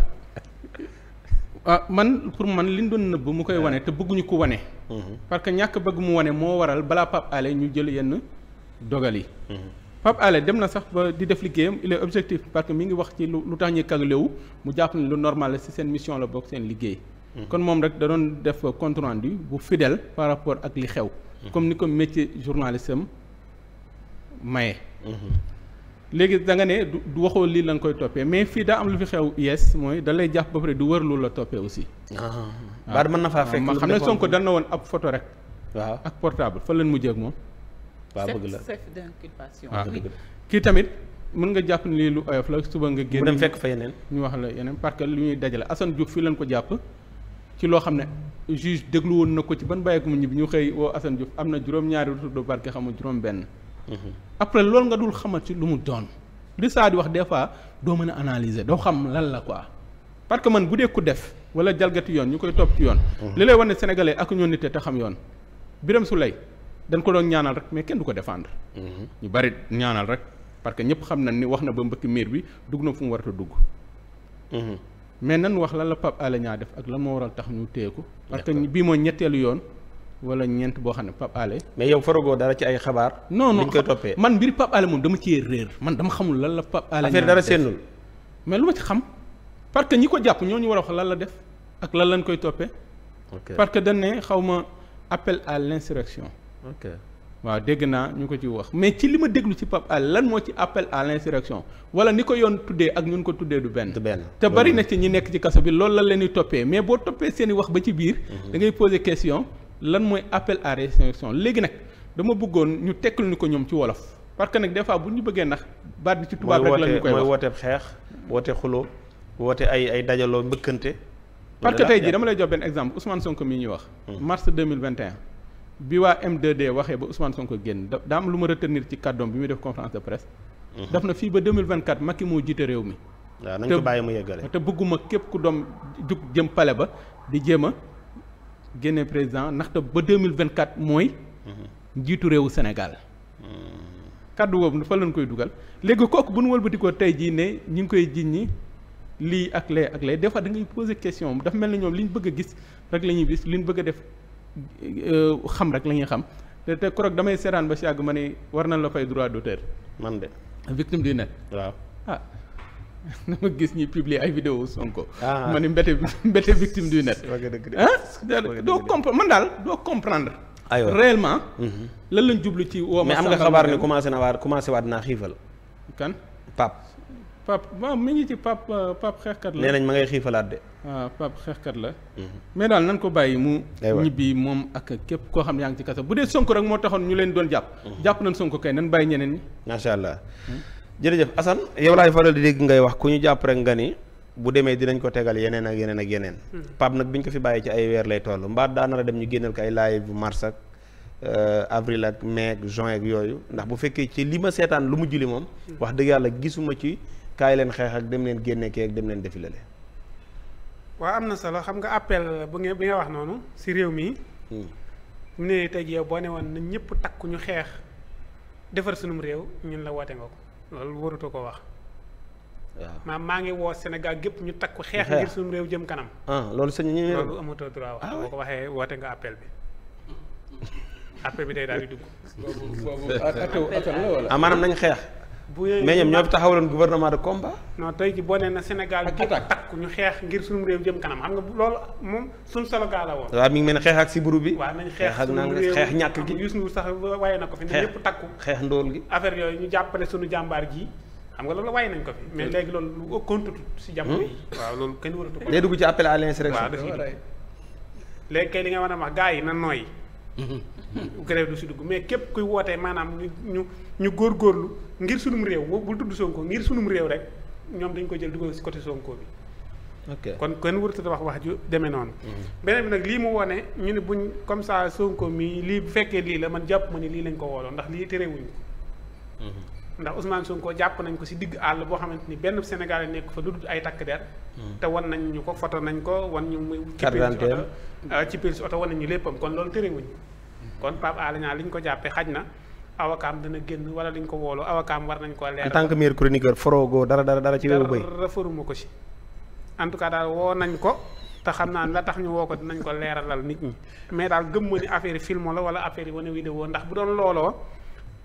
ah, man pour man li ñu doon nëbb mu koy wane te bëgguñu ko wane. Mhm. parce que ñàkk bëgg mu wane moo waral balaa Pape ñu jël yenn dogal yi. Mhm. Pape Alé dem na sax ba di def liggéeyam il est objectif parce que mi ngi wax ci lu lu tax ñuy kaglewu mu jàpp ne lu normal la si seen mission la bokk seen liggéey. Mhm. kon moom rek da doon def compte rendu bu fidèle par rapport ak li xew. comme ni ko métier journalisme maye. Mhm. léegi da nga ne du du waxoo lii la nga koy toppee mais fii daa am lu fi xew yes mooy da lay jàpp ba pare du wër lu la toppee aussi. waaw ah. ah. mën na faa fekk ma xam ne Sonko dal na woon ab photo rek. ak portable fa leen mujjee ak moom. waa bëgg la chef d'inculpation ah. kii tamit mën nga jàpp ni lii lu oyof nga. génn dem fekk fa yeneen. ñu wax la yeneen parce que lu ñuy dajale Assane Diouf fii leen ko jàpp. ci loo xam ne juge déglu woon na ko ci ban bàyyeeku mu ñibbi ñu xëy woo Assane Diouf am na juróom-ñaari retour de parquet xamul juróom-benn. après loolu nga dul ci lu mu doon li saa di wax des fois doo mën a analyser doo xam lan la quoi parce que man bu dee ku def wala jalgati yoon ñu koy topp ci yoon. Mm-hmm. li lay wan ne sénégalais ak ñoo nite te xam yoon Birame Souleye dañ ko doon ñaanal rek mais kenn du ko défendre. Mm-hmm. ñu bari ñaanal rek parce que ñëpp xam nañ ni wax na ba mbëkk miir bi dugg na fu mu war a dugg. Mm-hmm. mais nan wax lan la Pape Alé ñaa def ak lan moo waral tax ñu téye ko. parce que bii mooy ñetteelu yoon. wala ñeent boo xam ne Pape Alé. mais yow faragoo dara ci ay xabaar. non non koy toppee man mbir Pape Alé moom dama cee réer man dama xamul lan la Pape Alé. affaire dara seenul mais lu ma ci xam parce que ñi ko jàpp ñoo ñu war a wax lan la def ak lan lañ koy toppee. parce que dañ ne xaw ma appel à l'insurrection. ok waaw dégg naa ñu ko ci wax mais ci li ma déglu ci Pape Alé lan moo ci appel à l'insurrection wala ni ko yoon tuddee ak ñun ko tuddee du benn. du te bari na ci ñi nekk ci kaso bi loolu la leen di toppee mais boo toppee seeni wax ba ci biir. Mhm. da ngay poser question. lan mooy appel à l'insurrection léegi nag dama bëggoon ñu tekkal ñu ko ñoom ci wolof parce que nag des fois bu ñu bëggee ndax baat bi ci tubaab rek lañu koy wax mooy woote xeex woote xuloo woote ay ay dajaloo mbëkkante. parce que tey jii dama lay jox benn exemple Ousmane Sonko mi ñuy wax. Hmm. mars 2021 bi waa m 2 waxee ba Ousmane Sonko génn da daam lu ma retenir ci kàddoom bi muy def conférence de presse. Hmm. daf na fii ba 2024 Macky moo jiite réew mi. waaw nañ ko bàyyi mu yeggale te bëgguma képp ku doom jug jëm pale ba di jéem a génne président ndaxte ba deux mille vingt quatre mooy. njiitu réewu Sénégal. kàddu boobu dafa lañ koy dugal léegi kooku bu nu wëlbatikoo tey jii ne ñu ngi koy jiñ ñi lii ak lee ak lee des fois da ngay poser question dafa mel ne ñoom li ñu bëgg a gis rek la ñuy gis li ñu bëgg a def euh, xam rek la ñuy xam te te korog damay seetaan ba si àgg ma ne war nañ la fay droit d'auteur man de victime du net waaw ah. dama gis ñi publier ay vidéo Sonko. Ah. ma ni mbete mbete victime du net. ah doo comprendre man daal doo comprendre. aywa réellement. Mhm. lan lañ jublu ci woo. mais am nga xabaar ni commencé na waar commencé waat naa xiifal. kan Pape. Pape ma mi ngi ci Pape euh, Pape xeexkat la. nee nañ ma ngay xiifalaat de. waaw ah, Pape xeexkat la. Mhm. mais daal nan ko bàyyi mu. ñibbi moom ak képp koo xam ne yaa ngi ci kaso bu dee Sonko rek moo taxoon ñu leen doon jàpp. Mhm. jàpp nañ Sonko kay nan bàyyi ñeneen ñi. macha allah. Hmm? jërëjëf Assane yow laay faral di dégg ngay wax ku ñu jàpp rek nga ni bu demee dinañ ko tegal yeneen ak yeneen ak yeneen. Hmm. Pape nag bi ñu ko fi bàyyee ci ay weer lay toll mbaa daanara a dem ñu génneel ko ay live bu mars ak euh, avril ak mai juin ak yooyu ndax bu fekkee ci li ma seetaan lu mu li moom. Hmm. wax dëgg yàlla gisuma ci kaay leen xeex ak dem leen génne kee ak dem leen defilale. waaw am na solo xam nga appel bu ngeen bi nga wax noonu si réew mi. Hmm. mu ne tey jii yow boo ne woon na ñëpp takku xeex defar sunum réew ñun la woote ko. loolu waratu ko wax. waaw maa ngi woo Sénégal gépp ñu takku xeex ngir suñu réew jëm kanam. loolu sëñ ñu loolu amatoo droit wax boo ko waxee woote nga appel bi. appel bi day daal di dugg. maanaam nañ xeex. mais ñoom ñoo taxawaloon gouvernement de combat. non tey ci boo na Sénégal. ak takk ñu xeex ngir suñu réew jëm kanam xam nga loolu moom suñu solo gaa la woon. mi ngi mel xeex ak siburu bi. waaw nañ xeex suñu réew xeex ñàkk gi. sax waaye na ko fi. xeex ñëpp takku xeex ndóol gi. affaire yooyu ñu jàppale suñu jàmbaar ji xam nga loolu waaye nañ ko fi mais léegi loolu lu contre si jamono hmm? yi. waaw loolu kenn waratu ko. day dugg ci appel à l'insurrection. léegi kay li nga war a wax gars yi na nooy grève du si dugg mais képp kuy wootee maanaam ñu ñu góor góorgóorlu ngir sunum réew bul tudd Sonko ngir sunum réew rek ñoom dañ ko jël dugal si côté Sonko bi. ok kon kenn wërta wax wax ju demee noonu. Mhm. beneen bi nag lii mu wone ñu ne buñ comme ça Sonko mi lii bu fekkee lii la man jàpp ma ni lii lañ ko wooloo ndax lii terewuñ ko. Mhm. ndax Ousmane Sonko jàpp nañ ko si digg àll boo xamante ni benn Sénégalais nekk fa lu dul ay takk der hmm. te wan nañ ko foto nañ ko wan ñu muy ci pil si oto euh, kon loolu terewuñ kon Pape Alé Niang li ko jàppee xaj na awakaam dana génn wala li ñu ko woolu awakaam war nañ ko leer en tant que maire ko si tout cas daal woo nañ ko te xam naa la tax ñu woo ko dinañ ko leeralal nit ñi mais daal gëm ma ni affaire film la wala affaire yi wane vidéo ndax bu doon looloo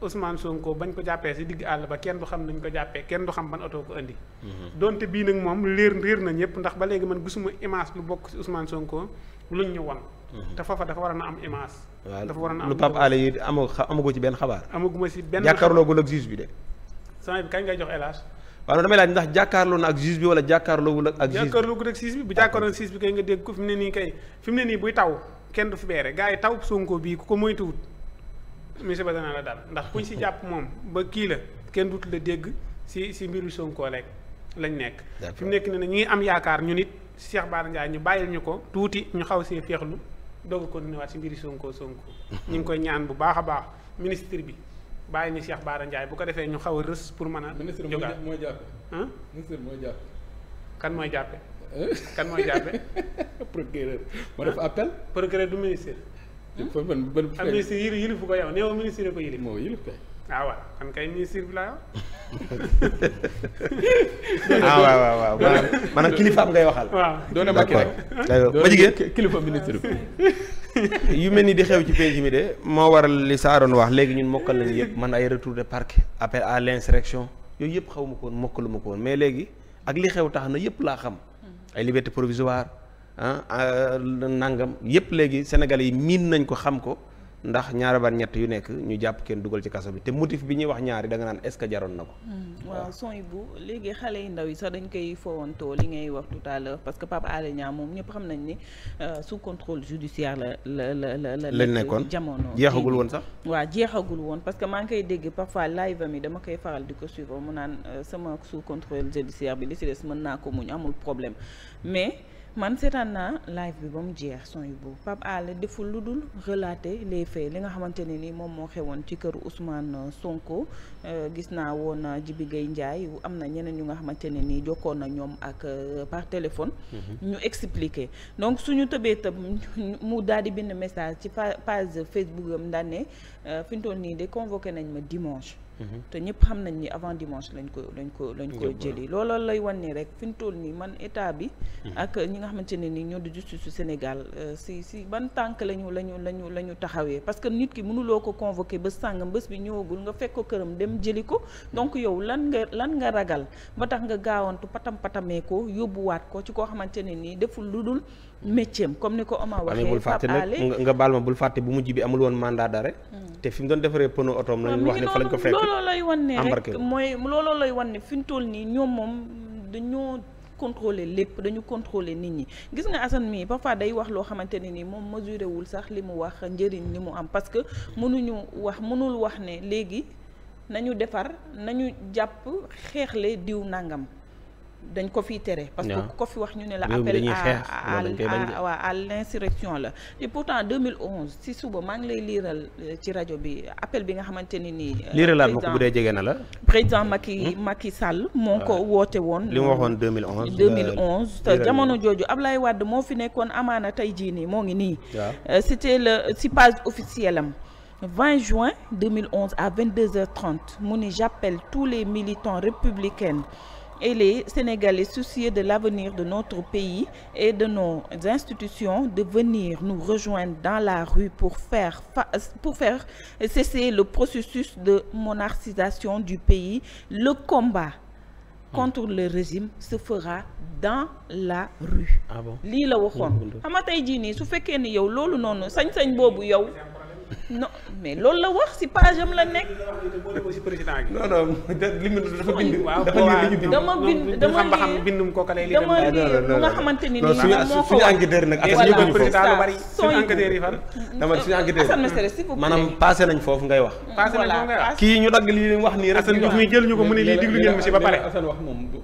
Ousmane Sonko bañ ko jàppee si digg àll ba kenn du xam nañ ko jàppee kenn du xam ban oto ko indi mhm. donte bii nag moom réer réer na ñëpp ndax ba léegi man gisuma image lu bokk si Ousmane Sonko luñ ñu won mhm. te foofa dafa waroon a am image dafa waroon a am lu Pape Alé yi amu amagoo ci benn xabaar amaguma si benn jàkkaarloogul ak juge bi de sama bi kañ ngay jox elage waaw damay laaj ndax jàkkaarloo na ak wala jàkkaarloogul ak juge bi jàkkaarloogul ak juge bu jàkkaarloo juge bi kay nga nii kay fi mu ne nii buy taw kenn yi taw Sonko bii ku ko moytuwut musiba dana la daal ndax kuñ si jàpp moom ba kii la kenn duutu la dégg si si mbiru Sonko rek lañu nekk. fi mu nekk nii ne ñu ngi am yaakaar ñu nit Cheikh Bara Ndiaye ñu bàyyil ñu ko tuuti ñu xaw see féexlu doog ko continué waat si mbiru Sonko Sonko. ñu ngi koy ñaan bu baax a baax ministre bi bàyyi ñu Cheikh Bara Ndiaye bu ko defee ñu xaw a rës pour mën a. ministre mooy mooy jàppe. ministre mooy jàppe. kan mooy jàppe. kan mooy jàppe. procureur. moo def appel. procureur du ministre. kon man man. ko yow néew ministre ko yële. moo yëlef kay. ah waaw ah, ngay waxal. waaw doone Macky jigéen kilifa ministre bi. yu mel ni di xew ci pénc mi de moo waral li saaroon wax léegi ñun mokkal nañu yëpp man ay retour de parquet appel à l'insurrection yooyu yëpp xaw ma ko woon mokkalu ma ko mais léegi ak li xew tax na yëpp laa xam. ay liberté provisoire ah euh, nangam yëpp léegi sénégalais yi miin nañ ko xam ko ndax ñaara ban ñett yu nekk ñu jàpp kenn dugal ci kaso bi te motif bi ñuy wax ñaari da naan est-ce que jaroon na ko. Hmm, waaw léegi xale yu ndaw yi sax dañ koy fowantoo li ngay wax tout à parce que Pape Alé moom ñëpp xam nañ ni euh, sous contrôle judiciaire la la la la la. nekkoon jamono jeexagul woon sax. waa jeexagul woon parce que maa ngi koy dégg parfois live am yi dama koy faral di ko suivre mu naan euh, sama sous contrôle judiciaire bi li si des mën naa ko muñ amul problème mais. man seetaan naa live bi ba mu jeex son yu boobu Pape Alé deful lu dul relater les faits li nga xamante ne ni moom moo xewoon ci kër Ousmane Sonko euh, gis naa woon Jibi Gueye Ndiaye am na ñeneen ñu nga xamante ne ni jokkoon na ñoom ak euh, par téléphone. Mhm. ñu expliquer donc suñu tëbee tëb mu daal di bind message ci page Facebook am daan ne euh, fi mu toll nii de convoqué nañ ma dimanche. Mhm. te ñëpp xam nañ ni avant dimanche lañ ko lañ ko lañ ko jëli looloo lay wan rek fi ñu toll nii man état bi mhm. ak ñi nga xamante ne ni ñoo di justice si Sénégal euh, si si ban tànk lañu lañu lañu la ñu taxawee parce que nit ki mënuloo ko convoqué ba sàngam bés bi ñëwagul nga fekk ko këram dem jëli ko donc yow lan nga lan nga ragal ba tax nga gaawantu patam patamee ko yóbbuwaat ko ci koo xamante ne nii deful lu dul métier comme ni ko Oma waxee. bul fàtte nag nga baal ma bul fàtte bu mujj bi amul woon mandat d'arrêt hmm. te fi mu defaree pneu otoom lañ wax ne fa lañ ko fekk looloo lay wan ne rek mooy looloo lay wan ne fi mu nii ñoom moom dañoo contrôler lépp dañu contrôler nit ñi gis nga Assane mii parfois day wax loo xamante ne ni moom mesuré wul sax li mu wax njëriñ li mu am parce que mënuñu wax mënul wax ne léegi nañu defar nañu jàpp xeexle diw nangam dañ ko fiy tere parce que ku ko fi wax ñu ne la appel à waaw à l'insurrection la et pourtant 2011 si suba maa ngi lay liiral euh, ci rajo bi appel bi nga xamante ni nii euh, liiralaat ma ko bu dee jege na la président Macky hmm? Macky Sall moo ko ah. woote woon li mu waxoon 2011 2011 te jamono jooju lay wadd moo fi nekkoon amaana tey jii nii moo ngi nii euh, te le si page officielle am 20 juin 2011 à 22h30 mu ni j'appelle tous les militants républicains et les Sénégalais soucieux de l'avenir de notre pays et de nos institutions de venir nous rejoindre dans la rue pour faire, pour cesser le processus de monarchisation du pays. Le combat contre le régime se fera dans la rue. Ah lii la waxoon xam nga tey jii nii su fekkee ni yow loolu noonu sañ-sañ boobu yow non mais loolu la wax si page am la nekk. non non li mu dafa bind. dafa lire li ñu bind dama bind dama lire dama bindum nga xamante ni nii moo ko wax voilà soo yi dama suñu enquêteur maanaam passé nañ foofu ngay wax. nañ foofu ngay wax kii ñu dagg lii wax nii rek. Assane Diouf jël ñu ko mu ne lii diglu ngeen ma si ba pare. Assane wax moom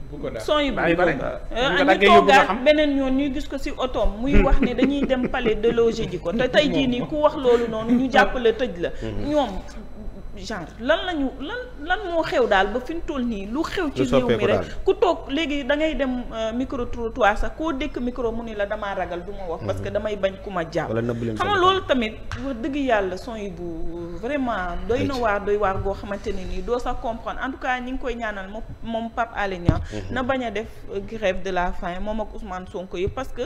son yu bëri a euh, ngi toogaat beneen yoon ñuy gis ko si otoom muy wax ni dañuy dem palais de loger ji ko te tey jii nii ku wax loolu noonu ñu jàppale tëj la ñoom genre lan lañu lan lan moo xew daal ba fi ñu nii lu xew ci réew mi rek ku toog léegi da ngay dem euh, micro trottoir sax koo dékk micro mu ni la damaa ragal du ma wax parce que mhm. damay bañ ku ma jàpp xam nga loolu tamit wax dëgg yàlla son yi vraiment doy na waar doy goo xamante ne nii doo sa comprendre en tout cas ñi ngi koy ñaanal moom moom Pape mhm. na bañ a def grève de la faim moom ak Ousmane Sonko yëpp parce que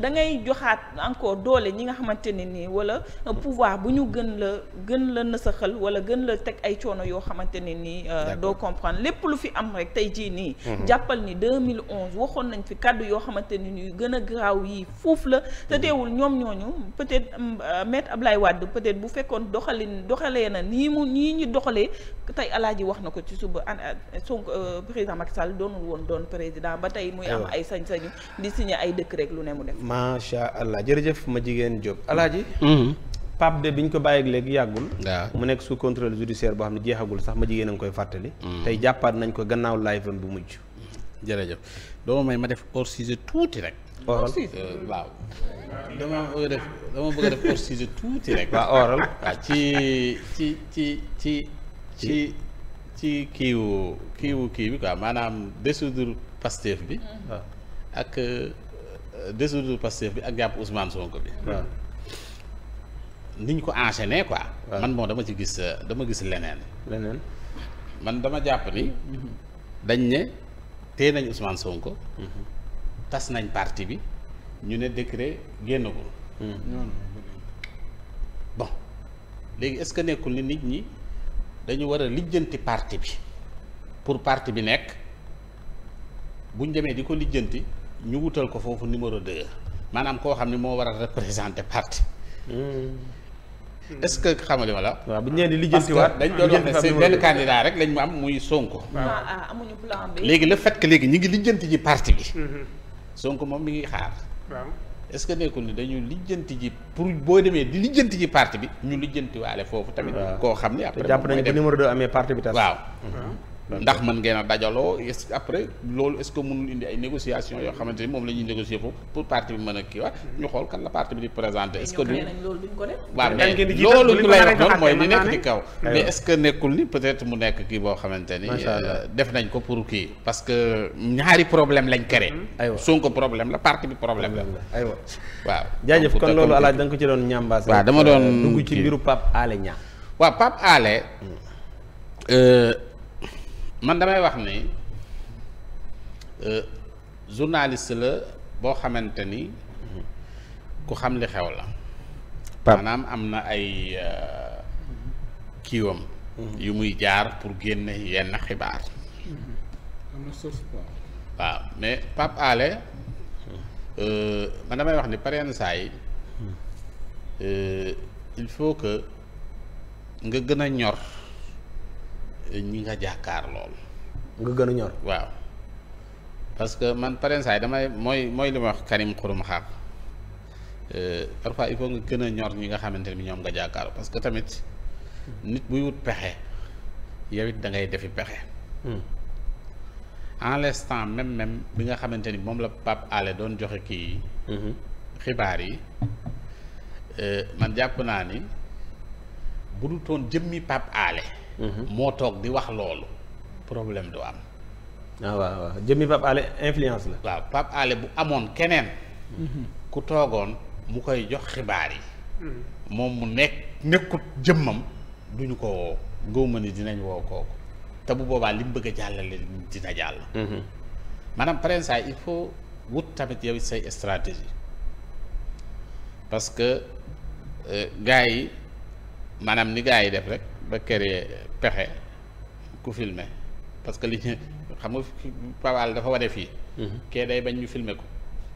da ngay joxaat encore doole ñi nga xamante ne nii wala pouvoir bu ñu gën la gën la nësaxal wala gën gën la teg ay coono yoo xamante ne nii euh, doo comprendre lépp lu fi am rek tey jii nii mhm. jàppal ni 2011 waxoon nañ fi kàddu yoo xamante ne nii gën a garaaw yi fuuf la te deewul mhm. ñoom ñooñu peut-être mm, euh, ab Ablaye Wade peut-être bu fekkoon doxalin doxalee na nii mu nii ñu doxalee tey alaaji wax na ko ci suba an euh, son président Macky Sall doonul woon doon président ba tey muy am ay sañ-sañu di signé ay dëkk rek lu ne mu def macha allah jërëjëf ma jigéen Diop alaaji mhm. Pape bi ñu ko bàyyi bàyyeeg léegi yàggul. mu nekk sous contrôle judiciaire boo xam ne jeexagul sax ma jigéen koy fàttali. Mm. tey jàppaat nañ ko gannaaw live am bu mujj. Mm. jërëjëf doo may ma def hors sujet tuuti rek. oral euh, waaw dama bëgg def dama bëgg a def hors sujet tuuti ci ci ci ci ci ci kiiwu kiiwu kii bi quoi maanaam dissoudre Pastef bi. Mm. ak euh, dissoudre Pastef bi ak jàpp Ousmane Sonko bi. ni ñu ko enchaîné quoi. man moo dama ci gis euh, dama gis leneen. leneen man dama jàpp ni. dañ ne téye nañ Ousmane Sonko. Mm-hmm. tas nañ parti bi ñu ne génn génnagul. Mm-hmm. bon léegi est-ce que nekkul ni nit ñi dañu war a lijjanti parti bi pour parti bi nekk buñ demee di ko lijjanti ñu wutal ko foofu numéro 2 maanaam koo xam ne moo war a représenter parti. Mm-hmm. est-ce que xamali ma la. waaw bu ñu leen di lijjantiwaat dañ doon wax ne c'est benn candidat rek lañ mu am muy Sonko. waaw ah, ah, amuñu plan B. léegi la fait que léegi ñu ngi lijjanti ji parti bi. Mm-hmm. Sonko moom mi ngi xaar. waaw est-ce que nekkul ni dañu lijjanti ji pour boo demee di lijjanti ji parti bi ñu lijjantiwaale foofu tamit. koo xam ne après. te jàpp nañu ba numéro 2 amee parti bi tas. ndax mën ngeen dajaloo est après loolu est ce que mënul indi ay négociation yoo xamante ni moom la ñuy négocier foofu pour parti bi mën a kii waat ñu xool kan la parti bi di présenter est du loolu ñu mooy li nekk ci kaw mais est que nekkul ni peut être mu nekk kii boo xamante ni euh, def nañ ko pour kii parce que ñaari problème lañ créé mm-hmm. aywa Sonko problème la parti bi problème la aywa waaw jaajëf kon loolu alaaj da nga ko ci doon ñambaas waaw dama doon euh, dugg ci mbiru Pape Alé Niang waaw man damay wax ni euh, journaliste la boo xamante ni ku xam li xew la. maanaam am na ay euh, kiiwam. yu muy jaar pour génne yenn xibaar. am na source quoi. waaw mais Pape euh, man damay wax ni pareen saa yi il faut que nga gën a ñor. ñi nga jàkkaar lool. nga gën a ñor waaw. parce que man parensaay damay mooy mooy li ma wax Karim Xurum Xaab euh, parfois nga gën a ñor ñi nga xamante ne ñoom nga jàkkaar parce que tamit nit buy wut pexe yow it da defi pexe. Hmm. en l'instant même même bi nga xamante ni moom la Pape Alé doon joxe kii hmm. xibaar yi euh, man jàpp naa ni bu du toon jëmmi Pape Alé. moo toog di wax loolu problème du am. ah waaw waaw jëmmi Pape Alé influence la. waaw Pape Alé bu amoon keneen. ku toogoon mu koy jox xibaar yi. moom mu nekk nekkut jëmmam duñu ko woo gëw ma ni dinañ woo kooku te bu boobaa li mu bëgg a jàllale dina jàll. maanaam pare saa il faut wut tamit yow say stratégie parce que euh, gars yi maanaam ni gars yi def rek. ba créer pexe ku filmer parce que li ñu xam nga Pawal dafa wane fii. Mhm. kee bañ ñu filmer ko.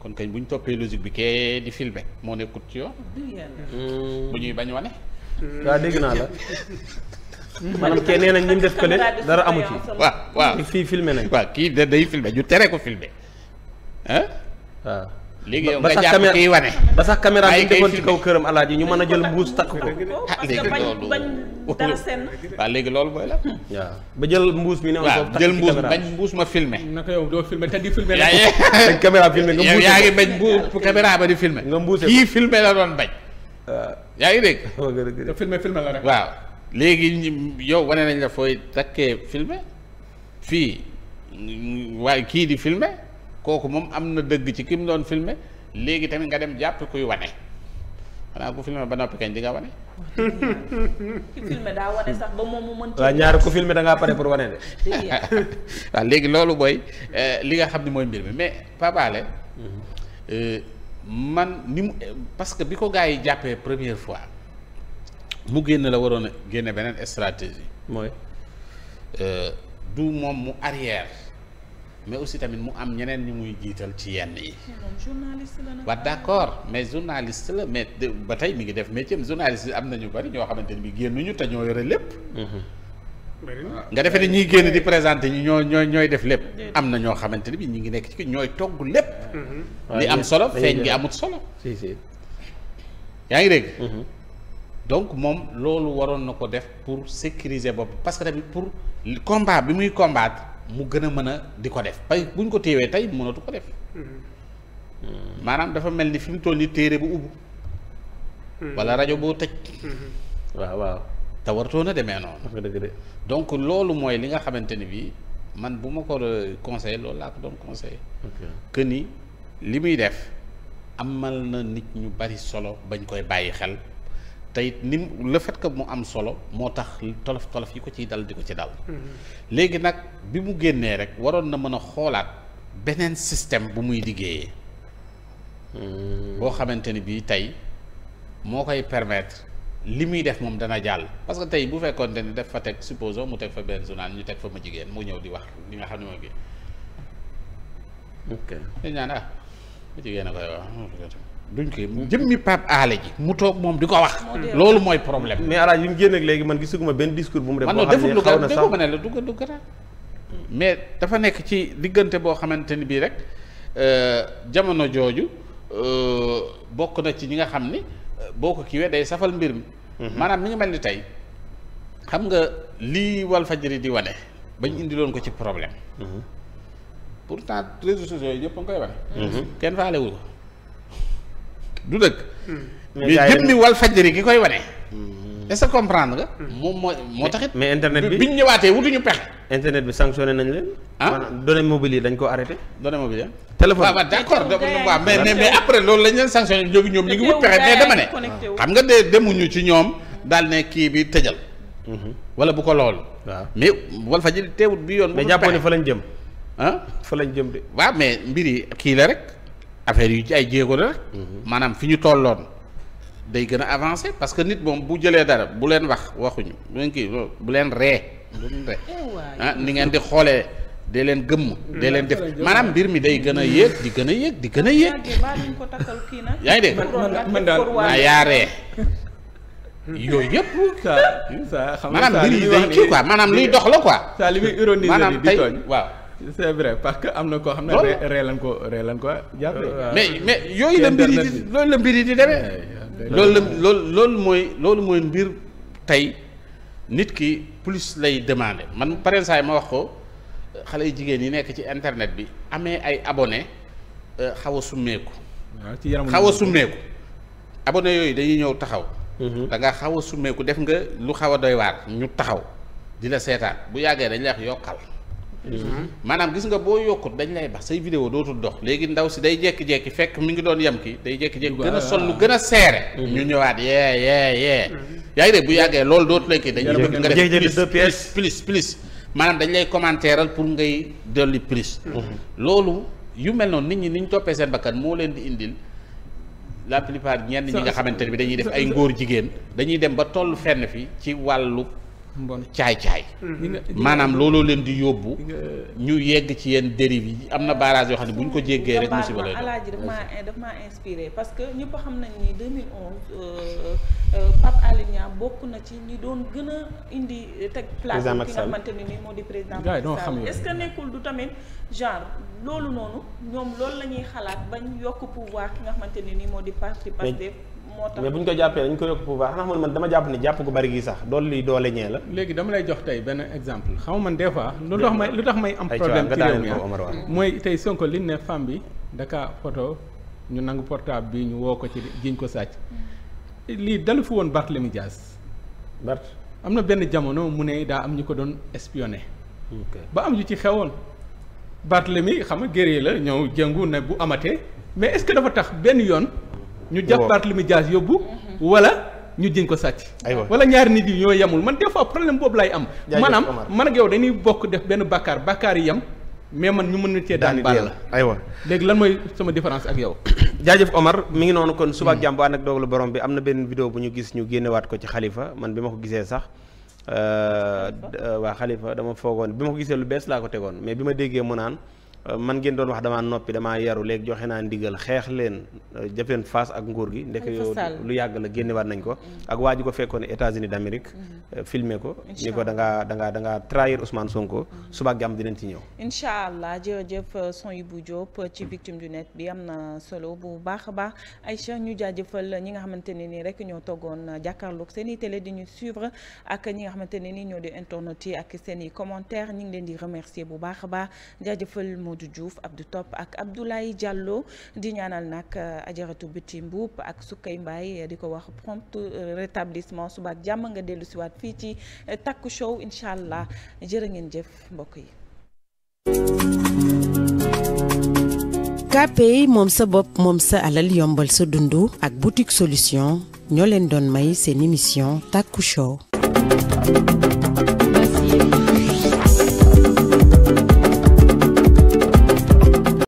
kon kañ bu ñu toppee logique bi kee di filmer moo nekkut ci yoon. Mm. bu ñuy bañ wane. waaw dégg naa la. maanaam kee nee nañ ñu def kële dara amu ci. waaw waaw fii filmer nañ. waaw kii day filmer ñu tere ko filmer ah. waaw. léegi yow nga jàpp kiy wane ba sax caméra bi defoon ci kaw këram alaaji ñu mën a jël mbuus takk ko ah léegi loolu waaw la waaw ba jël mbuus mi ne waaw jël mbuus bañ mbuus ma filmé naka yow doo filmé te di filmé la caméra filmé yaa ngi bañ mbuus caméra la ah. léegi yow wane nañ la fooy takkee filmé fii waaye kii di filmé kooku moom am na dëgg ci ki mu doon filmer léegi tamit nga dem jàpp kuy wane xanaa ku filmer ba noppi kañ di nga wane. ki filmer daa wane sax ba moom mu mën. waaw ñaar ku filmer da ngaa pare pour wane de. waaw léegi loolu booy eh, li nga xam ne mooy mbir mi mais Papaale. Mhm. Euh, man ni mu parce que bi ko gars yi jàppee première fois mu génn la waroon génne beneen stratégie. mooy euh, du moom mu arrière. mais aussi tamit mu am ñeneen ñi muy jiital ci yenn yi. journaliste la nag. waaw d'accord mais journaliste la mais ba tey mi ngi def métier journaliste am na ñu bari ñoo xamante ni bi génnuñu te ñoo yore lépp. Mhm. nga defee ñuy génn di présenté ñi ñoo ñooy ñooy def lépp. am na ñoo xamante ni bi ñu ngi nekk ci ñooy togg lépp. Mhm. li am solo feeñ ngi amut solo. si si yaa ngi dégg. Mhm. donc moom loolu waroon na ko def pour sécuriser bopp parce que tamit pour combat bi muy combattre. mu gën a mën a di ko def parce que bu ñu ko téewee tey mënatu ko def mm-hmm. maanaam dafa mel ni fi mu toll ni téere bu ubbu mm-hmm. wala rajo boo tëj mm-hmm. waaw waaw te wartoon a demee noonu donc loolu mooy li nga xamante ni bii man bu ma ko conseillé loolu laa ko doon conseillé que li muy def amal na nit ñu bari solo bañ koy bàyyi xel tey it ni mu le mu am solo moo tax tolof tolof yi ko ciy dal di ko ci dal. léegi nag bi mu génnee rek waroon na mën a xoolaat beneen système bu muy liggéeyee. boo xamante ni bii tey moo koy permettre li muy def moom dana jàll. parce que tey bu fekkoonte ni def fa teg supposons mu teg fa benn journal ñu teg fa ma jigéen mu ñëw di wax li nga xam ne mooy kii. ok dañu naan ah ma jigéen koy wax. duñ koy jëmmi Pape Alé ji mu toog moom di ko wax. loolu mooy problème mais alaaj li mu génn léegi man gisuguma benn discours bu mu def. boo xam ne xaw na sax man ne la du du gën mais dafa nekk ci diggante boo xamante ni bii rek euh, jamono jooju euh, bokk na ci ñi nga xam ni euh, boo ko kiiwee day safal mbir mi. Mhm. maanaam mi ngi mel ni tey xam nga lii Walfadjri di wane bañ mhm. indiloon ko ci problème. Mhm. pourtant réseaux sociaux yi ñëpp a ngi koy wane. kenn faale wu ko. du dëkk. Hmm. mais jëmmi Walfadjri ki koy wane. Hmm. est-ce que nga. Hmm. moom moo moo taxit. mais internet bi bi ñu ñëwaatee wutuñu pexe. internet bi sanctionné nañ leen. ah maanaam données mobiles yi dañ ko arrêté. données mobiles yi téléphone waaw ah, waaw d'accord waaw mais mais après loolu lañ leen sanctionné ñoom ñoom ñu ngi wut pexe mais dama ne. xam nga de demuñu ci ñoom daal ne kii bi tëjal. wala bu ko loolu. waaw mais Walfadjri teewut bi yoon. bu mais jàppoon fa lañ jëm. ah fa lañ jëm bi waa mais mbir yi kii la rek. affaire yu ay jéego la rek. Mhm. maanaam fi ñu tolloon day gën a avancé parce que nit moom bu jëlee dara bu leen wax waxuñu bu leen bu leen ree bu leen ree oh, ah, ni ngeen di xoolee dee leen gëmm. dee leen def mm-hmm. maanaam mbir mi day gën a yéeg di gën a yéeg di gën a yéeg. yaa ngi dégg daal yaa ree hmm. yooyu yëpp. saa xam nga maanaam mbir yi day kii quoi maanaam luy dox la quoi. saa tey waaw. c'est vrai parce que am na ko xam ne. loolu ree lan ko ree lan ko jàppee. mais mais yooyu la mbir yi di loolu la mbir yi di demee. loolu la loolu loolu mooy loolu mooy mbir tey nit ki plus lay demandé man par exemple ma wax ko xale yu jigéen yi nekk ci internet bi amee ay abone euh, xawa a summeeku. xaw a summeeku. abone yooyu dañuy ñëw taxaw. Mhm. danga nga xaw a summeeku def nga lu xaw a doy ñu taxaw di la seetaan bu yàggee dañ lay yokkal. maanaam gis nga boo yokkut dañ lay bax say vidéo dootul dox léegi ndaw si day jékki-jékki fekk mu ngi doon yem ki day jékki-jékki gën a sol lu gën a seere mm-hmm. ñu ñëwaat yee yee yee yaa ngi dégg bu yàggee loolu dootu lañ koy dañuy bëgg nga def plus plus maanaam dañ lay commentéeral pour ngay dolli plus mm-hmm. loolu yu mel noonu nit ñi ni ñu toppee seen bakkan moo leen di indil la plupart ñenn ñi nga xamante ne bi dañuy def ay ngóor jigéen dañuy dem ba tollu fenn fi ci wàllu mbon caay-caay mhm. maanaam looloo leen di yóbbu ñu yegg ci yenn dérive yi am na barrage yoo xam ne bu ñu ko jéggee rek musiba lay alaaji daf maa daf que ñëpp xam nañ ni 2011 euh, euh, Pape Alé Niang bokk na ci ñi doon gën a indi euh, teg place ki nga xamante ne ni moo di président Macky Sall est que nekkul du tamit genre loolu noonu ñoom loolu la ñuy xalaat bañ yokk pouvoir ki nga xamante ne ni moo di parti Pastef moo tax mais bu ñu ko jàppee dañ ko yokk pouvoir xanaa man man dama jàpp ni jàpp gu bari gi sax dool li doole ñee la léegi dama lay jox tey benn exemple xam nga man des fois lu tax may lu tax may am problème ci réew mi ah mooy tey Sonko li ne femme bi daka photo ñu nangu portable bi ñu woo ko ci jiñ ko sàcc lii dalu fi woon Barthélemy Dias Bart am na benn jamono mu ne daa am ñu ko doon espionné ba am ñu ci xewoon Barthélemy xam nga guerrier la ñëw jëngu ne bu amatee mais est-ce que dafa tax benn yoon ñu jàpp Barthélémy Dias yóbbu wala ñu jiñ ko sàcc wala ñaari nit yi ñoo yemul man des fois problème boobu laay am maanaam man ak yow dañuy bokk def benn bàkkaar bàkkaar yi yem mais man ñu mën na cee daan baal la aywa léegi lan mooy sama différence ak yow jaajëf Omar mi ngi noonu kon suba ak hmm. jàmm ànd ak dogalu borom bi am na benn vidéo bu ñu gis ñu génnewaat ko ci xalifa man bi ma ko gisee sax euh, waa xalifa dama foogoon bi ma ko gisee lu bees laa ko tegoon mais bi ma déggee mu man ngeen doon wax damaa noppi damaa yaru léegi joxe naa ndigal xeex leen jëfeen face ak nguur gi ndek yow lu yàgg la génnewaat nañ ko ak waa ji ko fekkoon États-Unis d'Amérique mm-hmm. euh, filmé ko ni ko da ngaa da ngaa da ngaa trahir Ousmane Sonko mm-hmm. suba ak jàmm dinañ ci ñëw incha allah jërëjëf euh, son yi bu Diop euh, ci victime du net bi am na solo bu baax a baax Aïcha ñu jaajëfal ñi nga xamante ne nii rek ñoo toggoon jàkkaarloog seen i télé di ñu suivre ak ñi nga xamante ne nii ñoo di internet yi ak seen i commentaire ngi leen di remercier bu baax a Mamadou Diouf Abdou Top ak Abdoulaye Diallo di ñaanal nag eh, ajaratu Biti Mbuup ak Soukay Mbaye eh, di ko wax prompt eh, rétablissement jàmm nga dellu siwaat fii ci takku show incha allah jërë ngeen jëf mbokk yi. KPI moom sa bopp moom sa alal yombal sa dund ak butik solution ñoo leen doon may seen émission Taku Show